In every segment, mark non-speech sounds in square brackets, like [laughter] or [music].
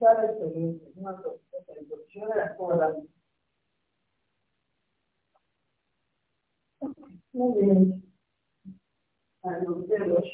passare esperienze, una riduzione ancora. Muy bien. A los de los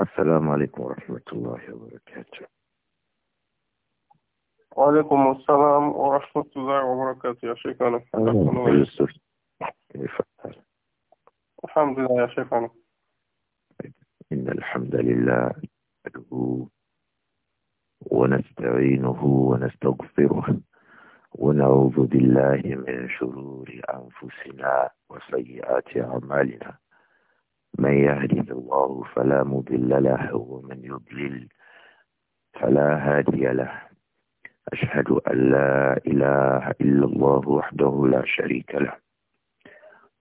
السلام عليكم ورحمة الله وبركاته وعليكم السلام ورحمة الله وبركاته يا شيخنا يوسف كيف الحمد لله يا أنا إن الحمد لله نحمده ونستعينه ونستغفره ونعوذ بالله من شرور أنفسنا وسيئات أعمالنا من يهده الله فلا مضل له ومن يضلل فلا هادي له أشهد أن لا إله إلا الله وحده لا شريك له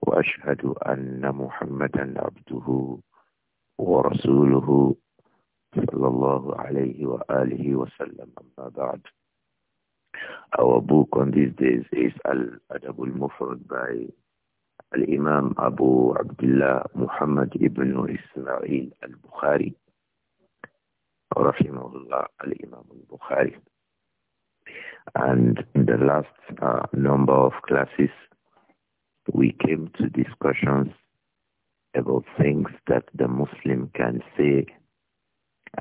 وأشهد أن محمدا عبده ورسوله صلى الله عليه وآله وسلم أما بعد Our book on these days is Al-Adab al-Mufrad by الإمام imam Abu Abdullah Muhammad ibn Ismail al-Bukhari, rahimahullah, Al-Imam And in the last uh, number of classes, we came to discussions about things that the Muslim can say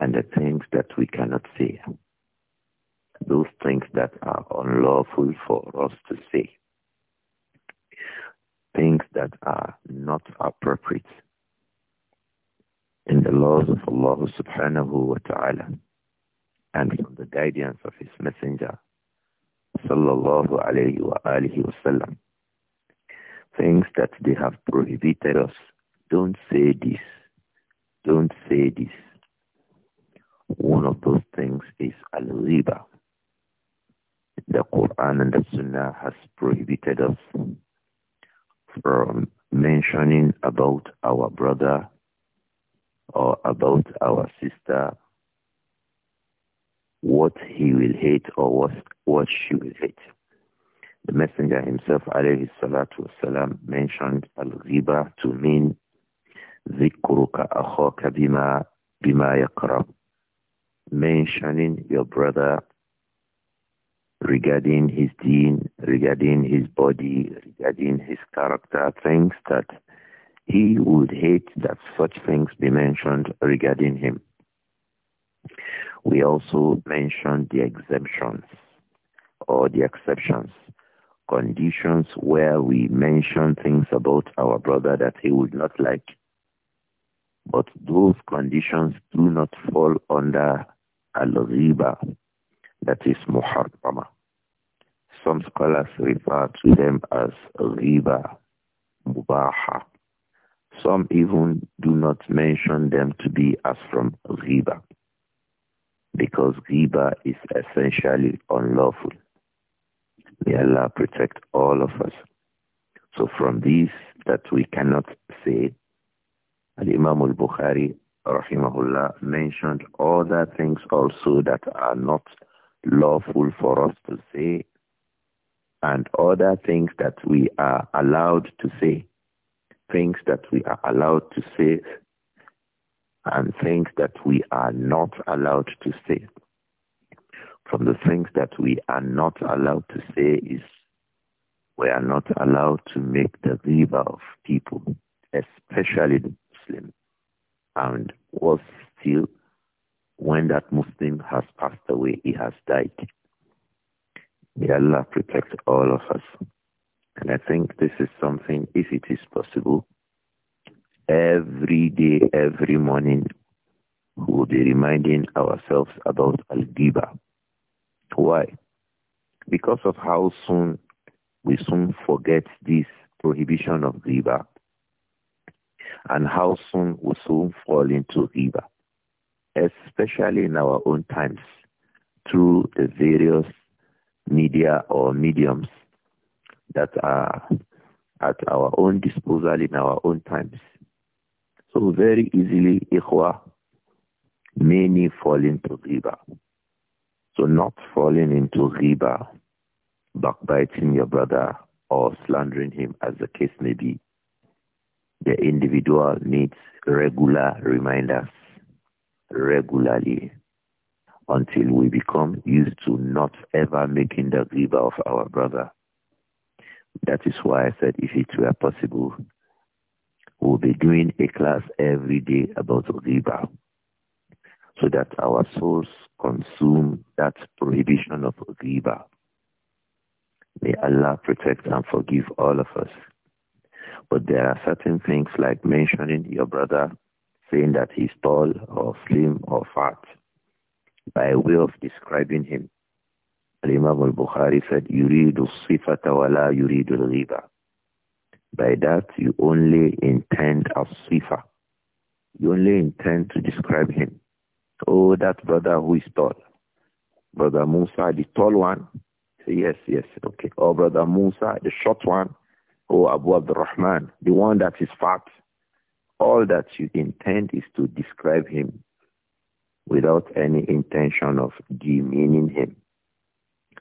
and the things that we cannot say. Those things that are unlawful for us to say things that are not appropriate in the laws of Allah subhanahu wa ta'ala and from the guidance of his messenger sallallahu alayhi wa alihi wasallam. Things that they have prohibited us. Don't say this. Don't say this. One of those things is al-riba. The Quran and the Sunnah has prohibited us um, mentioning about our brother or about our sister what he will hate or what, what she will hate. The messenger himself, alayhi salatu wasalam, mentioned al-ghiba to mean zikruka أَخَوْكَ بِمَا, بما bima yakram. Mentioning your brother regarding his deen, regarding his body, regarding his character, things that he would hate that such things be mentioned regarding him. We also mentioned the exemptions or the exceptions, conditions where we mention things about our brother that he would not like. But those conditions do not fall under al-riba, that is muharrama. Some scholars refer to them as riba, mubaha. Some even do not mention them to be as from riba because riba is essentially unlawful. May Allah protect all of us. So from this that we cannot say, Al-Imam al-Bukhari, rahimahullah, mentioned other things also that are not lawful for us to say and other things that we are allowed to say, things that we are allowed to say and things that we are not allowed to say. From the things that we are not allowed to say is we are not allowed to make the riba of people, especially the Muslim. And what's still when that Muslim has passed away, he has died. May Allah protect all of us. And I think this is something, if it is possible, every day, every morning, we will be reminding ourselves about Al-Ghiba. Why? Because of how soon we soon forget this prohibition of Ghiba and how soon we soon fall into Ghiba especially in our own times, through the various media or mediums that are at our own disposal in our own times. So very easily, ikhwa, many fall into riba. So not falling into riba, backbiting your brother or slandering him as the case may be. The individual needs regular reminders regularly until we become used to not ever making the riba of our brother. That is why I said if it were possible, we'll be doing a class every day about riba so that our souls consume that prohibition of riba. May Allah protect and forgive all of us. But there are certain things like mentioning your brother saying that he's tall or slim or fat by way of describing him. imam al-Bukhari said, Yuridu sifata wa la yuridu riba. By that, you only intend a sifa. You only intend to describe him. Oh, that brother who is tall. Brother Musa, the tall one. Say, yes, yes, okay. Oh, brother Musa, the short one. Oh, Abu Abdurrahman, the one that is fat all that you intend is to describe him without any intention of demeaning him.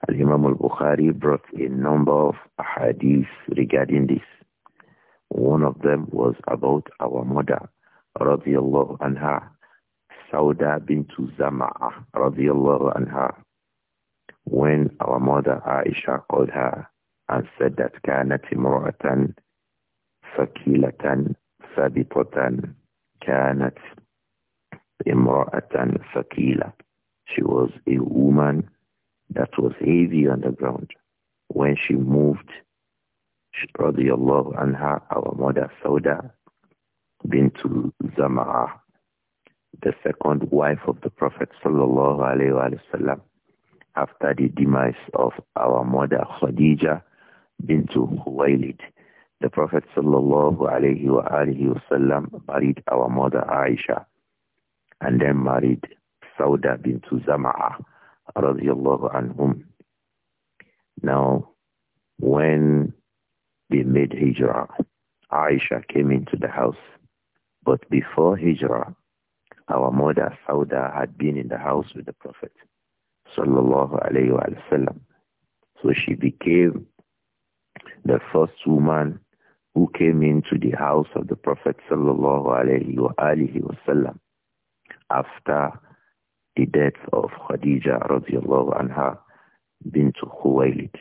Al-Imam al-Bukhari brought a number of hadiths regarding this. One of them was about our mother, radiallahu anha, Sauda bint Zama'a, radiallahu anha, when our mother Aisha called her and said that كانت امرأة ثقيلة ثابتة كانت She was a woman that was heavy on the ground. When she moved, radiallahu anha, our mother Sauda bint Zama'ah, the second wife of the Prophet sallallahu alayhi wasallam, after the demise of our mother Khadija bint Khuwailid, the Prophet sallallahu alayhi wa alihi wasallam married our mother Aisha and then married Sauda bint Zama'a radiallahu anhum. Now, when they made hijrah, Aisha came into the house. But before hijrah, our mother Sauda had been in the house with the Prophet sallallahu alayhi wa sallam. So she became the first woman who came into the house of the Prophet sallallahu alaihi wasallam after the death of Khadija radiallahu anha bint Khuwailid.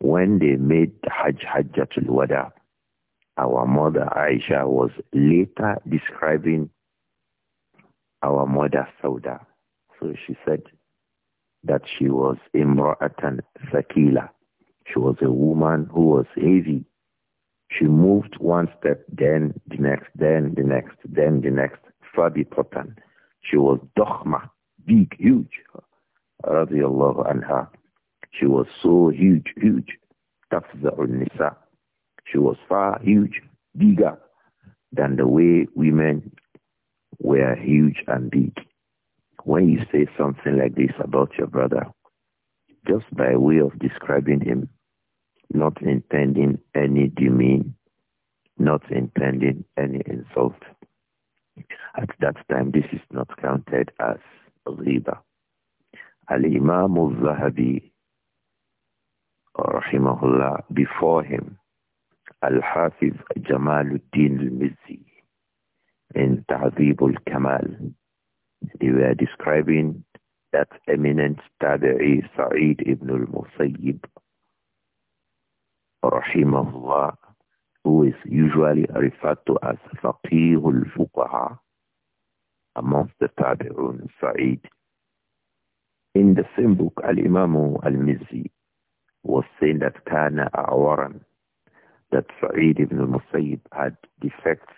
When they made Hajj Hajjatul Wada, our mother Aisha was later describing our mother Sauda. So she said that she was Imra'atan Sakila. She was a woman who was heavy she moved one step, then the next, then the next, then the next. Fabi Potan. She was dokhma, big, huge. Radiallahu anha. She was so huge, huge. Tafza'ul Nisa. She was far, huge, bigger than the way women were huge and big. When you say something like this about your brother, just by way of describing him, not intending any demean, not intending any insult. At that time, this is not counted as riba. Al-Imam al-Zahabi, rahimahullah, before him, Al-Hafiz Jamaluddin al-Mizzi, in Ta'zib al-Kamal, they were describing that eminent Tabi'i Sa'id ibn al-Musayyib, rahimahullah, who is usually referred to as Faqihul Fuqaha amongst the Tabi'un, Sa'id. In the same book, Al-Imam Al-Mizzi was saying that Kana Awaran, that Sa'id ibn Musayyib had defects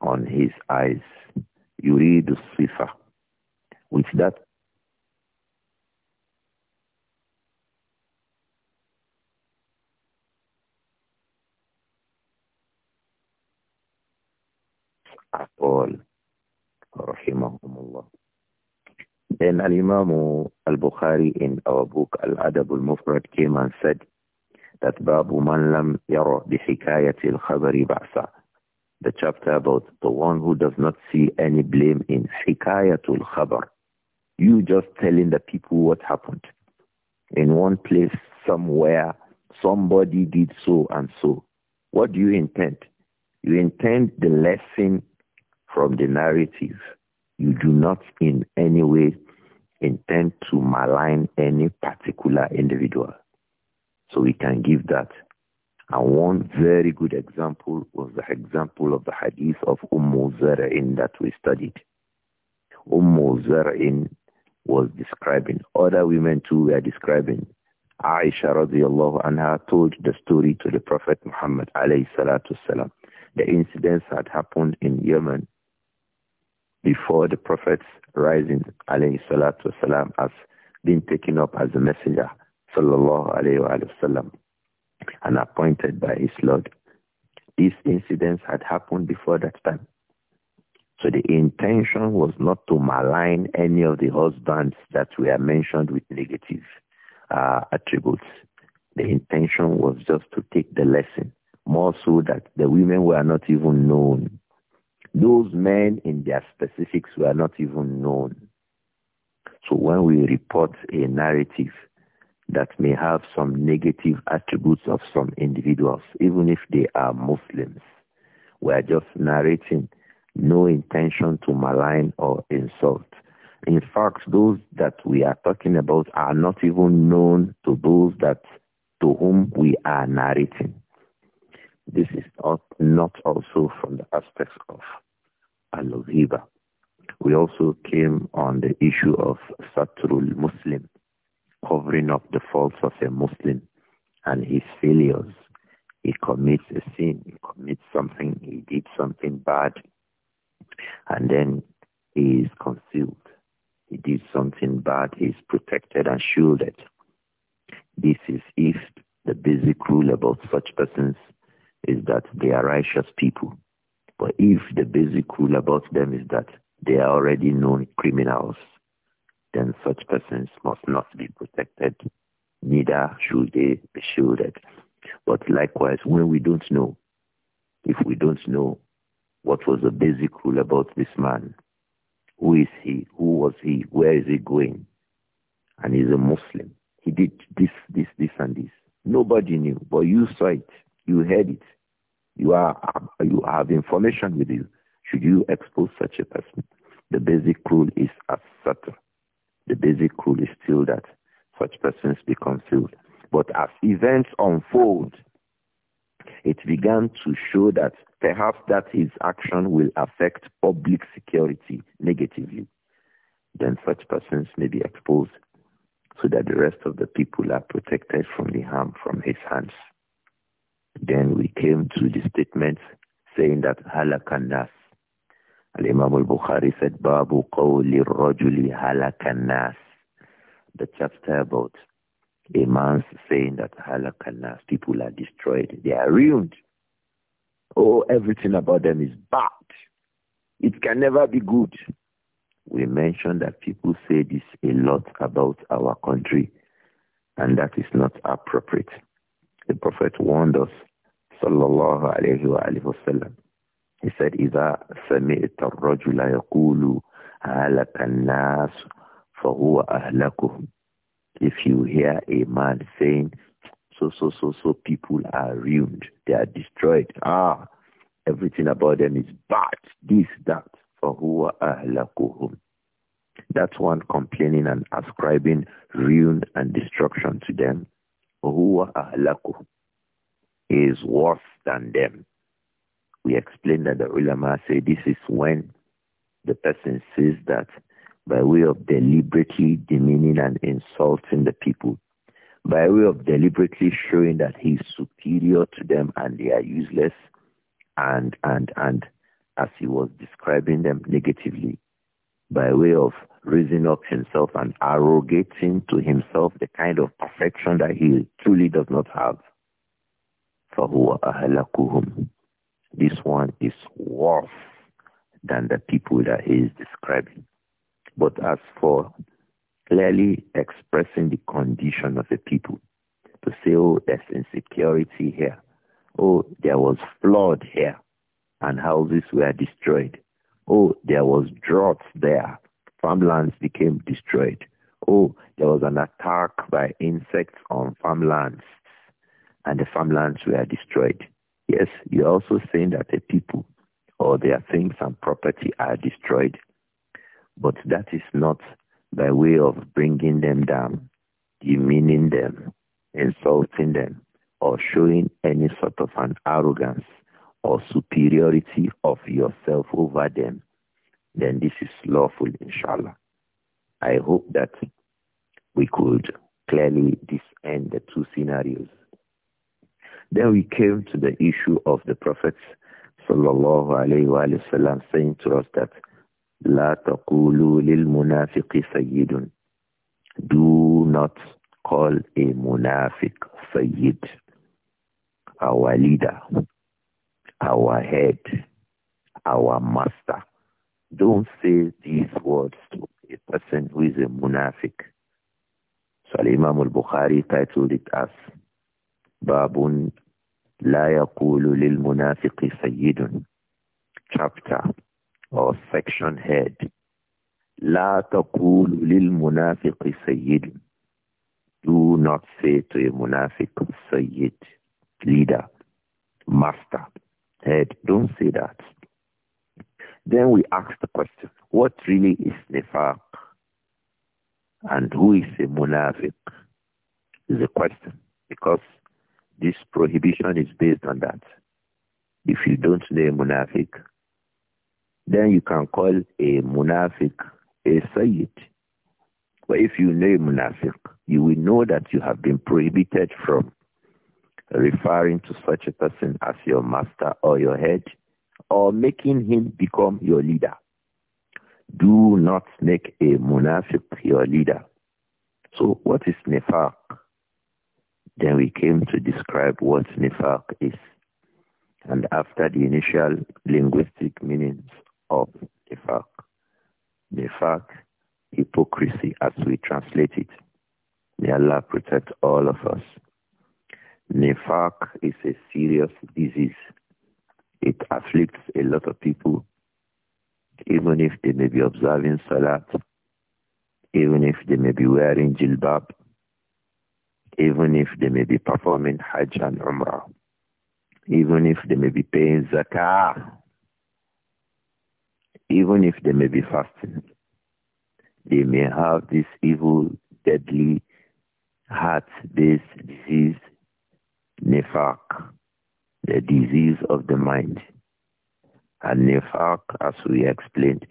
on his eyes, Yuridu Sifa. With that at all. Rahimahumullah. Then Al-Imam Al-Bukhari in our book Al-Adab Al-Mufrad came and said that Babu Man Lam Yara Bihikayati Al-Khabari Ba'sa the chapter about the one who does not see any blame in al Khabar. You just telling the people what happened. In one place, somewhere, somebody did so and so. What do you intend? You intend the lesson from the narrative. You do not in any way intend to malign any particular individual. So we can give that. And one very good example was the example of the hadith of Umm Zara'in that we studied. Umm Zara'in was describing, other women too were describing. Aisha radiallahu anha told the story to the Prophet Muhammad alayhi salatu salam. The incidents had happened in Yemen before the Prophet's rising, alayhi salatu wasalam, as being taken up as a messenger, sallallahu alayhi wa sallam, and appointed by his Lord. These incidents had happened before that time. So the intention was not to malign any of the husbands that were mentioned with negative uh, attributes. The intention was just to take the lesson, more so that the women were not even known those men in their specifics were not even known. So when we report a narrative that may have some negative attributes of some individuals, even if they are Muslims, we are just narrating no intention to malign or insult. In fact, those that we are talking about are not even known to those that to whom we are narrating. This is not, also from the aspects of al-ghiba. We also came on the issue of satrul Muslim, covering up the faults of a Muslim and his failures. He commits a sin, he commits something, he did something bad, and then he is concealed. He did something bad, he is protected and shielded. This is if the basic rule about such persons is that they are righteous people. But if the basic rule about them is that they are already known criminals, then such persons must not be protected, neither should they be shielded. But likewise, when we don't know, if we don't know what was the basic rule about this man, who is he, who was he, where is he going, and he's a Muslim, he did this, this, this, and this. Nobody knew, but you saw it. You heard it. You are you have information with you. Should you expose such a person? The basic rule is as subtle. The basic rule is still that such persons be concealed. But as events unfold, it began to show that perhaps that his action will affect public security negatively. Then such persons may be exposed so that the rest of the people are protected from the harm from his hands. Then we came to the statement saying that halakannas. Al-Imam al-Bukhari said, Babu qawli rajuli halakanas." The chapter about a man saying that halakannas, people are destroyed, they are ruined. Oh, everything about them is bad. It can never be good. We mentioned that people say this a lot about our country, and that is not appropriate. The Prophet warned us, sallallahu alayhi wa alayhi wa sallam. He said, إِذَا الرَّجُلَ يَقُولُ هَلَكَ النَّاسُ فَهُوَ أَهْلَكُهُمْ If you hear a man saying, so, so, so, so, people are ruined, they are destroyed, ah, everything about them is bad, this, that, فَهُوَ أَهْلَكُهُمْ That's one complaining and ascribing ruin and destruction to them huwa ahlaku is worse than them. We explained that the ulama say this is when the person says that by way of deliberately demeaning and insulting the people, by way of deliberately showing that he is superior to them and they are useless and, and, and, as he was describing them negatively, by way of raising up himself and arrogating to himself the kind of perfection that he truly does not have. This one is worse than the people that he is describing. But as for clearly expressing the condition of the people, to say, oh, there's insecurity here, oh, there was flood here, and houses were destroyed Oh, there was drought there. Farmlands became destroyed. Oh, there was an attack by insects on farmlands and the farmlands were destroyed. Yes, you're also saying that the people or their things and property are destroyed. But that is not by way of bringing them down, demeaning them, insulting them, or showing any sort of an arrogance or superiority of yourself over them, then this is lawful, inshallah. I hope that we could clearly discern the two scenarios. Then we came to the issue of the Prophet sallallahu alayhi wa saying to us that لا تقولوا للمنافق سيد Do not call a munafiq sayyid, our leader, our head, our master. Don't say these words to a person who is a munafiq. So Imam al-Bukhari titled it as Babun La Yaqulu Lil Munafiqi Sayyidun Chapter or section head La Taqulu Lil Munafiqi Sayyidun Do not say to a munafiq Sayyid, leader, master head. Don't say that. Then we ask the question, what really is nifaq? And who is a munafiq? Is a question. Because this prohibition is based on that. If you don't name munafiq, then you can call a munafiq a sayyid. But if you name munafiq, you will know that you have been prohibited from referring to such a person as your master or your head or making him become your leader. Do not make a munafiq your leader. So what is nifaq? Then we came to describe what nifaq is. And after the initial linguistic meanings of nifaq, nifaq, hypocrisy as we translate it. May Allah protect all of us. Nefak is a serious disease. It afflicts a lot of people, even if they may be observing Salat, even if they may be wearing jilbab, even if they may be performing Hajj and Umrah, even if they may be paying Zakah, even if they may be fasting. They may have this evil, deadly, heart-based disease nefak, the disease of the mind. And nefak, as we explained,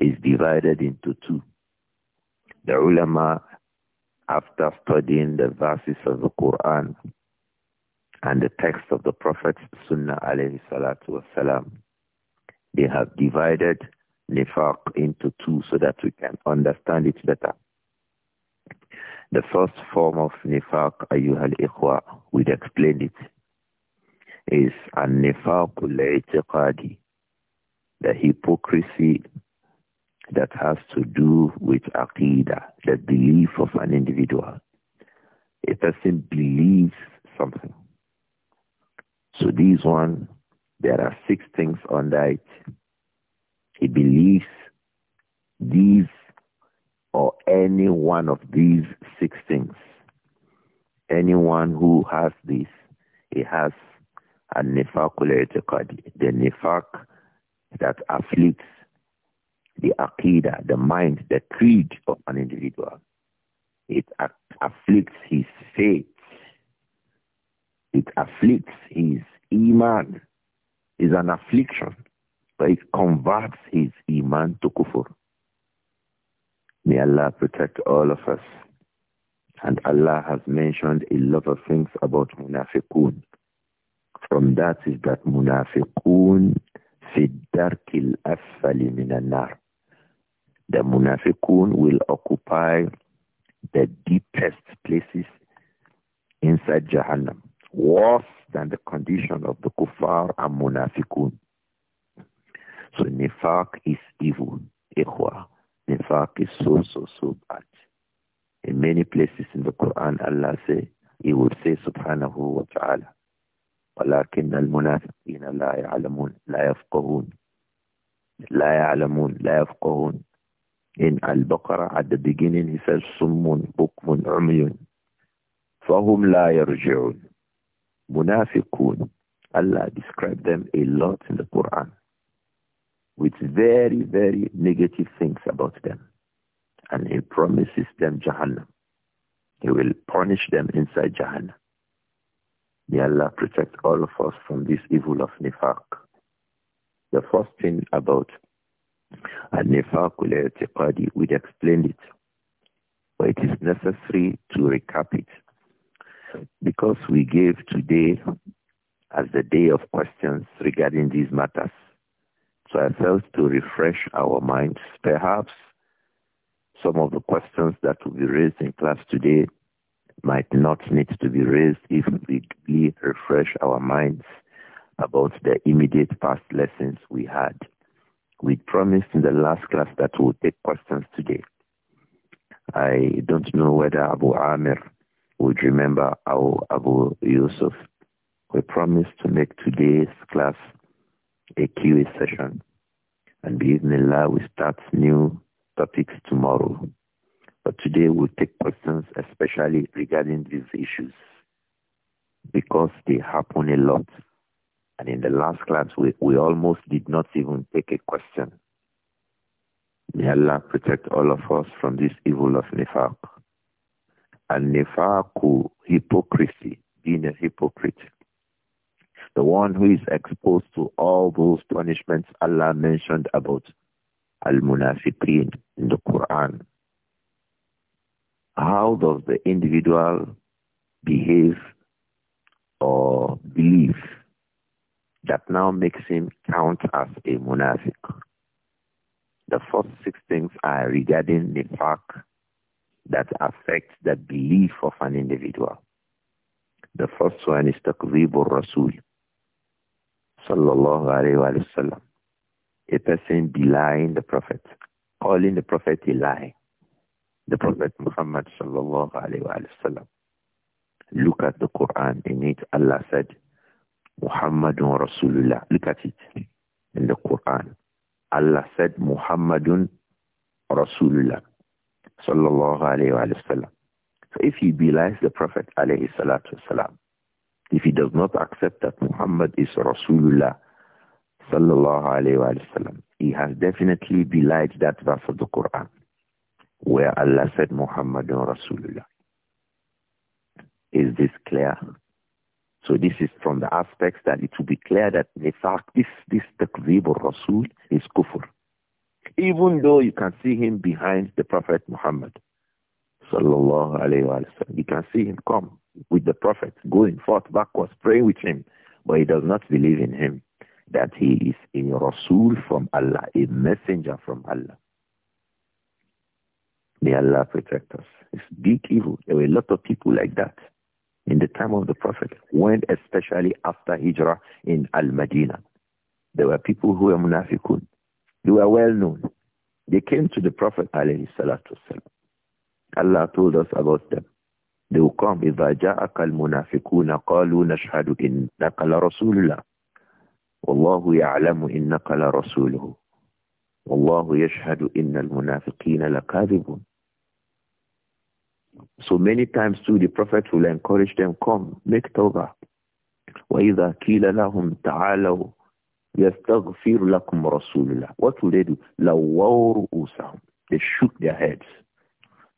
is divided into two. The ulama, after studying the verses of the Quran and the text of the Prophet Sunnah alayhi salatu wasalam, they have divided nefak into two so that we can understand it better. The first form of nifaq, ayyuhal ikhwa, we explained it, is an-nifaqul i'tiqadi, the hypocrisy that has to do with aqidah, the belief of an individual. A person believes something. So this one, there are six things under it. He believes these or any one of these six things. Anyone who has this, he has a nifakul etiqadi, the nifak that afflicts the akida, the mind, the creed of an individual. It afflicts his faith. It afflicts his iman. It's an affliction, but it converts his iman to kufr. May Allah protect all of us. And Allah has mentioned a lot of things about munafiqun. From that is that munafiqun fi darkil asfali minanar. nar. The munafiqun will occupy the deepest places inside Jahannam, worse than the condition of the kuffar and munafiqun. So nifaq is evil, ikhwah. In fact, it's so, so, so bad. In many places in the Quran, Allah say, He would say, Subhanahu wa ta'ala, ولكن المنافقين لا يعلمون لا يفقهون لا يعلمون لا يفقهون in Al-Baqarah at the beginning, he says, Summun, بُكُمْ Umyun. فَهُمْ لَا يَرْجِعُونَ مُنَافِقُونَ Allah described them a lot in the Quran with very, very negative things about them. And he promises them Jahannam. He will punish them inside Jahannam. May Allah protect all of us from this evil of nifaq. The first thing about a nifaq al-i'tiqadi, we explained it. But it is necessary to recap it. Because we gave today as the day of questions regarding these matters. So I to refresh our minds. Perhaps some of the questions that will be raised in class today might not need to be raised if we really refresh our minds about the immediate past lessons we had. We promised in the last class that we'll take questions today. I don't know whether Abu Amir would remember our Abu Yusuf. We promised to make today's class a QA session. And bismillah, we start new topics tomorrow. But today we'll take questions especially regarding these issues because they happen a lot. And in the last class, we, we almost did not even take a question. May Allah protect all of us from this evil of nifaq. And nifaku, hypocrisy, being a hypocrite the one who is exposed to all those punishments Allah mentioned about al munafiqin in the Quran. How does the individual behave or believe that now makes him count as a munafiq? The first six things are regarding the fact that affect the belief of an individual. The first one is takzibur rasul, sallallahu alayhi wa sallam, a person belying the Prophet, calling the Prophet a lie. The Prophet Muhammad sallallahu alayhi wa sallam. Look at the Quran. In it, Allah said, Muhammadun Rasulullah. Look at it in the Quran. Allah said, Muhammadun Rasulullah. Sallallahu alayhi wa sallam. So if he belies the Prophet alayhi salatu if he does not accept that Muhammad is Rasulullah, sallallahu alayhi wa he has definitely belied that verse of the Quran, where Allah said Muhammadun Rasulullah. Is this clear? So this is from the aspects that it will be clear that in fact this, this takzib rasul is kufr. Even though you can see him behind the Prophet Muhammad, sallallahu alayhi wa sallam, you can see him come with the Prophet, going forth backwards, praying with him, but he does not believe in him, that he is a Rasul from Allah, a messenger from Allah. May Allah protect us. It's big evil. There were a lot of people like that in the time of the Prophet, when especially after Hijrah in Al-Madinah. There were people who were munafiqun. They were well known. They came to the Prophet alayhi salatu Allah told us about them. They will إِذَا جَاءَكَ الْمُنَافِقُونَ قَالُوا نَشْهَدُ إِنَّكَ لَرَسُولُ اللَّهِ وَاللَّهُ يَعْلَمُ إِنَّكَ لَرَسُولُهُ وَاللَّهُ يَشْهَدُ إِنَّ الْمُنَافِقِينَ لَكَاذِبُونَ So many times too, the Prophet will encourage them, come, make tawbah. وَإِذَا كِيلَ لَهُمْ تَعَالَوْا يَسْتَغْفِرُ لَكُمْ رَسُولُ اللَّهِ What will they do? لَوَّوْا رُؤُوسَهُمْ They shook their heads.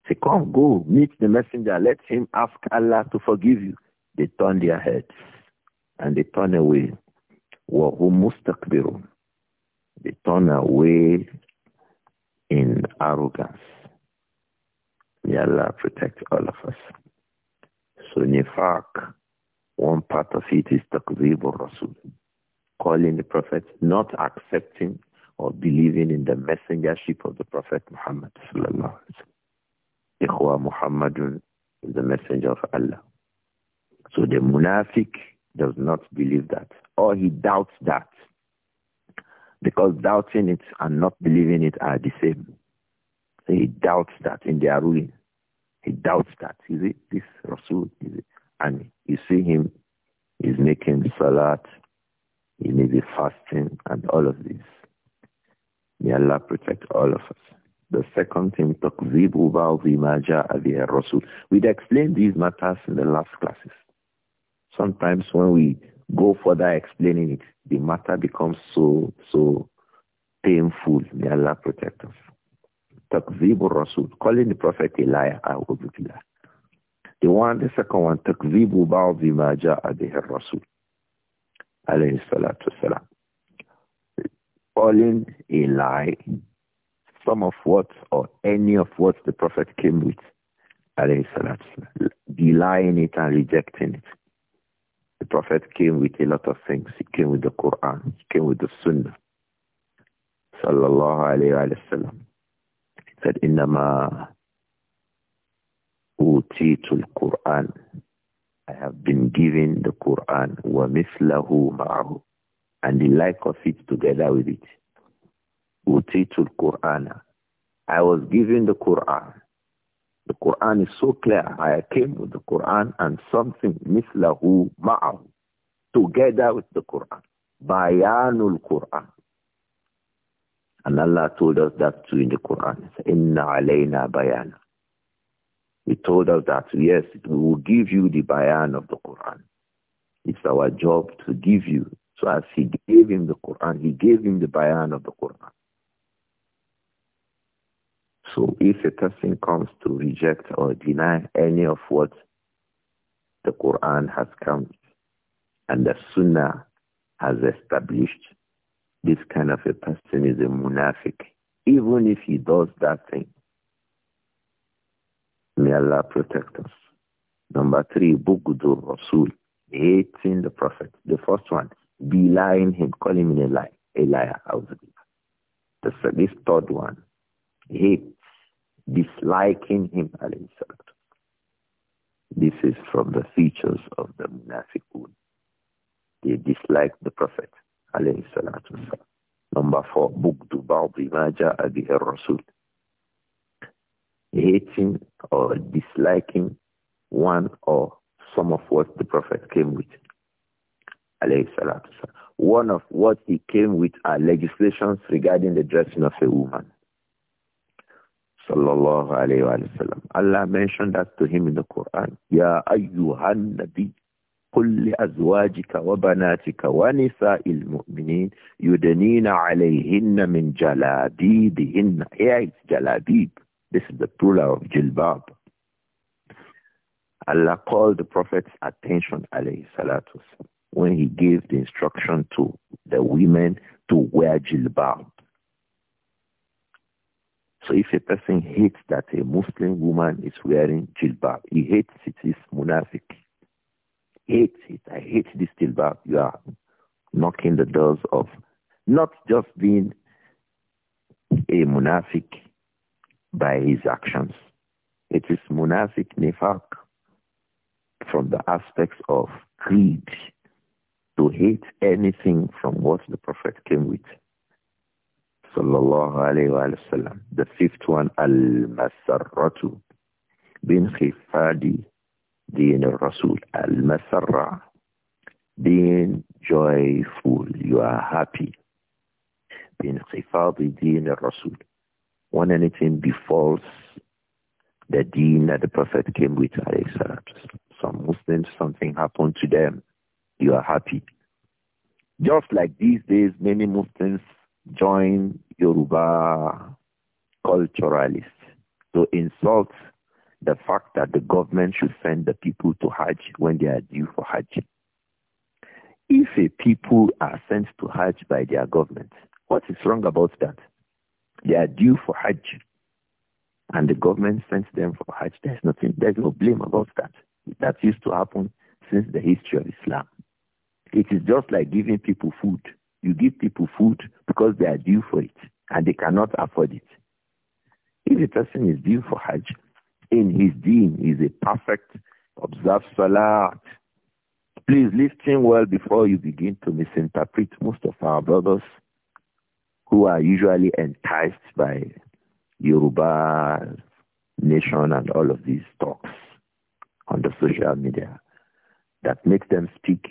Say, come, go, meet the messenger. Let him ask Allah to forgive you. They turn their heads and they turn away. وَهُمْ They turn away in arrogance. May Allah protect all of us. So nifaq, one part of it is takzib rasul calling the Prophet, not accepting or believing in the messengership of the Prophet Muhammad sallallahu alaihi wasallam. Ikhwa Muhammadun is the messenger of Allah. So the munafiq does not believe that or he doubts that because doubting it and not believing it are the same. So he doubts that in their ruling. He doubts that. Is it this Rasul? Is it? And you see him, he's making salat, he may be fasting and all of this. May Allah protect all of us. The second thing, تَقْذِيبُ بَعْضِ مَا جَاءَ بِهَا الرَّسُولُ We'd explained these matters in the last classes. Sometimes when we go further explaining it, the matter becomes so, so painful. May Allah protect us. تَقْذِيبُ الرَّسُولُ Calling the Prophet a liar, أعوذ بالله. The one, the second one, تَقْذِيبُ بَعْضِ مَا جَاءَ بِهَا الرَّسُولُ عليه الصلاة والسلام. Calling a lie some of what or any of what the Prophet came with, denying it and rejecting it. The Prophet came with a lot of things. He came with the Quran. He came with the Sunnah. Sallallahu alayhi wa sallam. He said, Innama utitul Quran. I have been given the Quran. Wa mithlahu ma'ahu. And the like of it together with it. Utitul Qur'ana. I was given the Qur'an. The Qur'an is so clear. I came with the Qur'an and something mislahu ma'ahu. Together with the Qur'an. Bayanul Qur'an. And Allah told us that too in the Quran. Inna alayna bayana. He told us that, yes, we will give you the bayan of the Quran. It's our job to give you. So as he gave him the Quran, he gave him the bayan of the Quran. So if a person comes to reject or deny any of what the Quran has come and the Sunnah has established, this kind of a person is a munafiq, even if he does that thing. May Allah protect us. Number three, bugudur Rasul, hating the Prophet. The first one, belying him, calling him a liar, a liar. The, this third one, hate disliking him, alayhi This is from the features of the munafiqun. They dislike the Prophet, alayhi Number four, Bugdu Ba'di Maja Abihi Rasul. Hating or disliking one or some of what the Prophet came with. One of what he came with are legislations regarding the dressing of a woman sallallahu alayhi wa sallam. Allah mentioned that to him in the Quran. Ya ayyuhan nabi kulli azwajika wa banatika wa ونساء المؤمنين يدنين عليهن من جلابيبهن Here it's jalabib. This is the plural of jilbab. Allah called the Prophet's attention alayhi salatu when he gave the instruction to the women to wear jilbab. So if a person hates that a Muslim woman is wearing jilbab, he hates it, he's munafiq. Hates it. I hate this jilbab. You are knocking the doors of not just being a munafiq by his actions. It is munafiq nifaq from the aspects of creed to hate anything from what the Prophet came with sallallahu alayhi wa sallam. The fifth one, al-masarratu bin khifadi din rasul al-masarra being joyful, you are happy. Bin khifadi din rasul when anything befalls the deen that the Prophet came with, some Muslims, something happened to them, you are happy. Just like these days, many Muslims join Yoruba culturalists to insult the fact that the government should send the people to Hajj when they are due for Hajj. If a people are sent to Hajj by their government, what is wrong about that? They are due for Hajj and the government sends them for Hajj. There's nothing, there's no blame about that. That used to happen since the history of Islam. It is just like giving people food you give people food because they are due for it and they cannot afford it. If a person is due for Hajj, in his deen, is a perfect, observe Salah. Please listen well before you begin to misinterpret most of our brothers who are usually enticed by Yoruba nation and all of these talks on the social media that makes them speak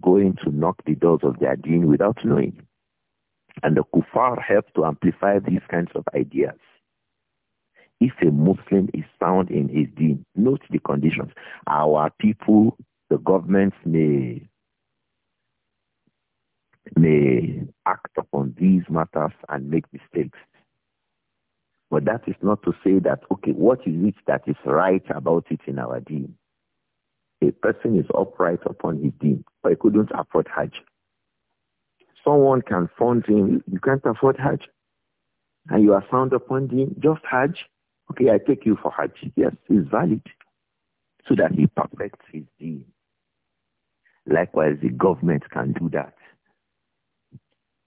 going to knock the doors of their deen without knowing. And the kuffar help to amplify these kinds of ideas. If a Muslim is sound in his deen, note the conditions. Our people, the governments may may act upon these matters and make mistakes. But that is not to say that, okay, what is it that is right about it in our deen? A person is upright upon his deen, but he couldn't afford Hajj. Someone can fund him, you can't afford Hajj, and you are found upon deen, just Hajj. Okay, I take you for Hajj. Yes, it's valid. So that he perfects his deen. Likewise, the government can do that.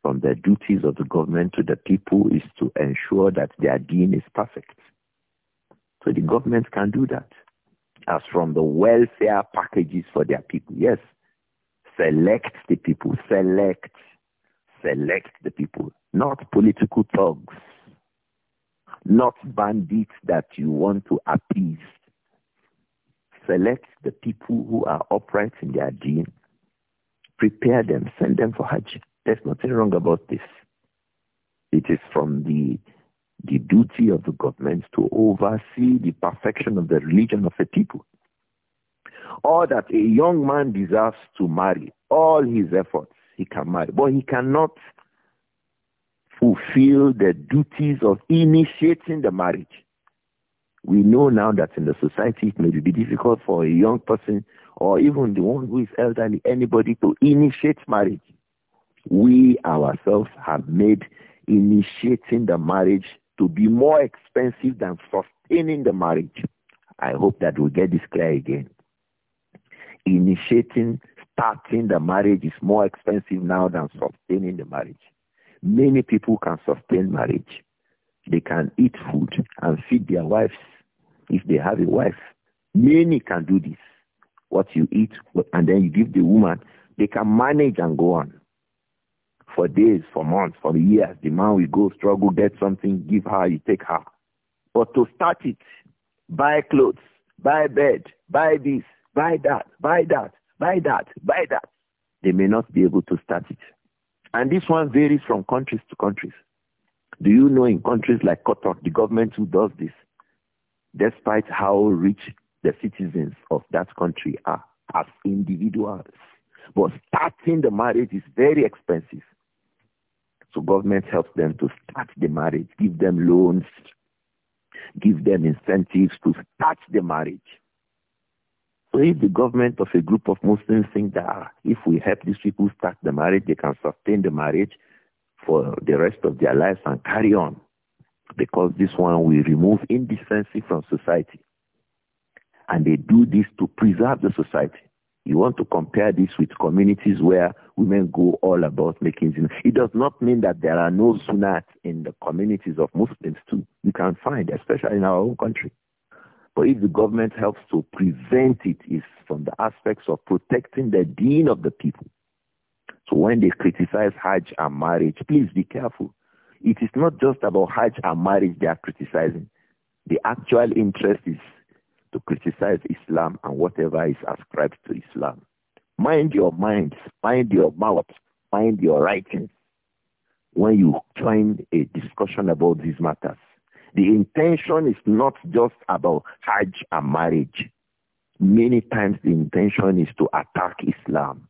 From the duties of the government to the people is to ensure that their deen is perfect. So the government can do that as from the welfare packages for their people. Yes, select the people, select, select the people, not political thugs, not bandits that you want to appease. Select the people who are upright in their deen, prepare them, send them for Hajj. There's nothing wrong about this. It is from the the duty of the government to oversee the perfection of the religion of a people. Or that a young man deserves to marry. All his efforts, he can marry. But he cannot fulfill the duties of initiating the marriage. We know now that in the society it may be difficult for a young person or even the one who is elderly, anybody to initiate marriage. We ourselves have made initiating the marriage to be more expensive than sustaining the marriage. I hope that we get this clear again. Initiating, starting the marriage is more expensive now than sustaining the marriage. Many people can sustain marriage. They can eat food and feed their wives if they have a wife. Many can do this. What you eat and then you give the woman, they can manage and go on. For days, for months, for years, the man will go struggle, get something, give her, you take her. But to start it, buy clothes, buy bed, buy this, buy that, buy that, buy that, buy that. They may not be able to start it. And this one varies from countries to countries. Do you know in countries like Qatar, the government who does this, despite how rich the citizens of that country are as individuals, but starting the marriage is very expensive. So government helps them to start the marriage, give them loans, give them incentives to start the marriage. So if the government of a group of Muslims think that ah, if we help these people start the marriage, they can sustain the marriage for the rest of their lives and carry on. Because this one will remove indecency from society. And they do this to preserve the society. You want to compare this with communities where women go all about making zina. It does not mean that there are no sunat in the communities of Muslims too. You can find, especially in our own country. But if the government helps to prevent it, is from the aspects of protecting the deen of the people. So when they criticize Hajj and marriage, please be careful. It is not just about Hajj and marriage they are criticizing. The actual interest is to criticize Islam and whatever is ascribed to Islam. Mind your minds, mind your mouths, mind your writings when you join a discussion about these matters. The intention is not just about Hajj and marriage. Many times the intention is to attack Islam.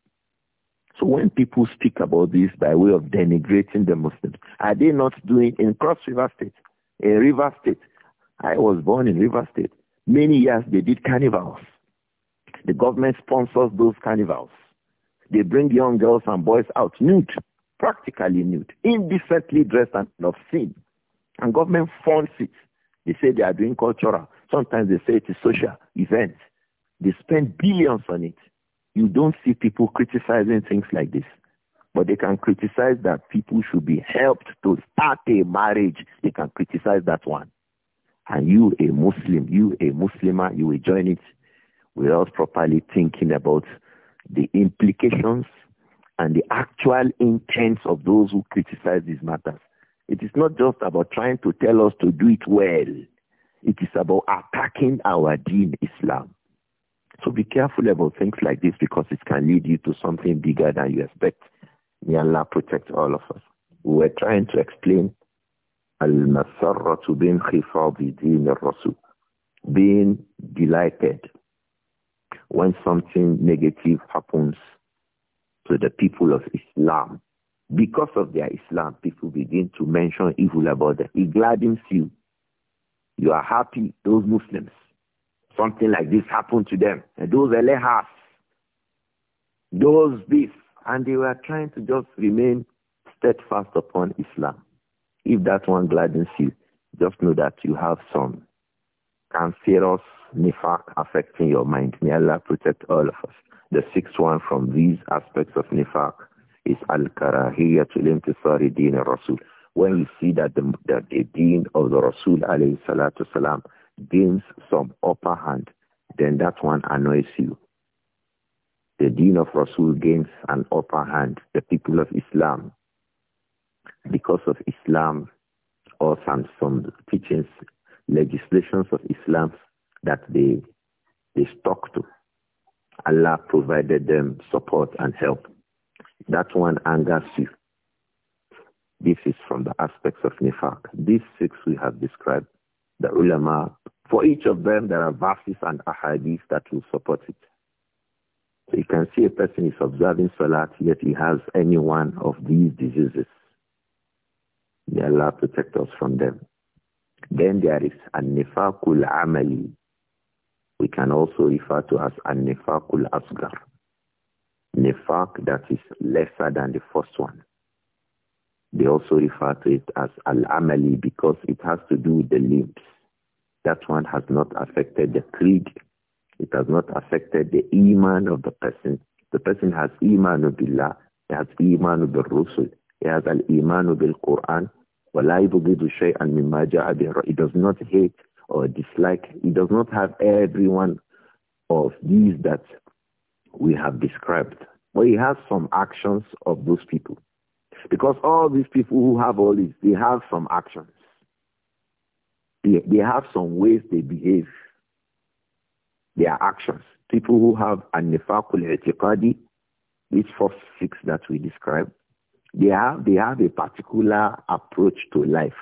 So when people speak about this by way of denigrating the Muslims, are they not doing in Cross River State, in River State? I was born in River State. Many years they did carnivals. The government sponsors those carnivals. They bring young girls and boys out nude, practically nude, indecently dressed and obscene. And government funds it. They say they are doing cultural. Sometimes they say it is social event. They spend billions on it. You don't see people criticizing things like this. But they can criticize that people should be helped to start a marriage. They can criticize that one. And you, a Muslim, you, a Muslimah, you will join it without properly thinking about the implications and the actual intents of those who criticize these matters. It is not just about trying to tell us to do it well. It is about attacking our deen, Islam. So be careful about things like this because it can lead you to something bigger than you expect. May Allah protect all of us. We were trying to explain المسرة بانخفاض دين الرسول being delighted when something negative happens to the people of Islam. Because of their Islam, people begin to mention evil about them. It gladdens you. You are happy, those Muslims. Something like this happened to them. And those Elehas, those this. And they were trying to just remain steadfast upon Islam. If that one gladdens you, just know that you have some cancerous nifaq affecting your mind. May Allah protect all of us. The sixth one from these aspects of nifaq is al-karahiyatul intisari deen rasul When you see that the, that the deen of the Rasul alayhi salatu salam gains some upper hand, then that one annoys you. The deen of Rasul gains an upper hand. The people of Islam because of Islam or some, some teachings, legislations of Islam that they, they stuck to. Allah provided them support and help. That one angers you. This is from the aspects of Nifaq. These six we have described. The ulama, for each of them, there are verses and ahadith that will support it. So you can see a person is observing Salat, yet he has any one of these diseases. May Allah protect us from them. Then there is nifakul amali. We can also refer to as an nifakul asgar. Nifak that is lesser than the first one. They also refer to it as al-amali because it has to do with the limbs. That one has not affected the creed. It has not affected the iman of the person. The person has iman of Allah. he has iman of the rusul, he has al-iman the Quran, it does not hate or dislike. It does not have every one of these that we have described. But he has some actions of those people. Because all these people who have all this, they have some actions. They, they have some ways they behave. They are actions. People who have an nifaqul itiqadi, these first six that we described, they have, they have a particular approach to life.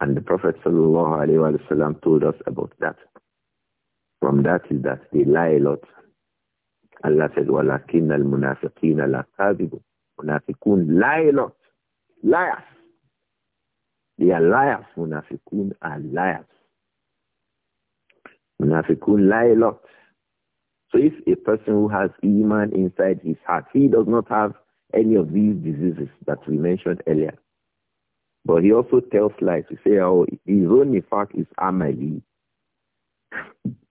And the Prophet wasallam told us about that. From that is that they lie a lot. Allah said, وَلَكِنَّ الْمُنَافِقِينَ لَا كَاذِبُ Munafiqun lie a lot. Liars. They are liars. Munafiqun are liars. Munafiqun lie a lot. So if a person who has iman inside his heart, he does not have any of these diseases that we mentioned earlier. But he also tells lies. He say, oh, his only fact is amali.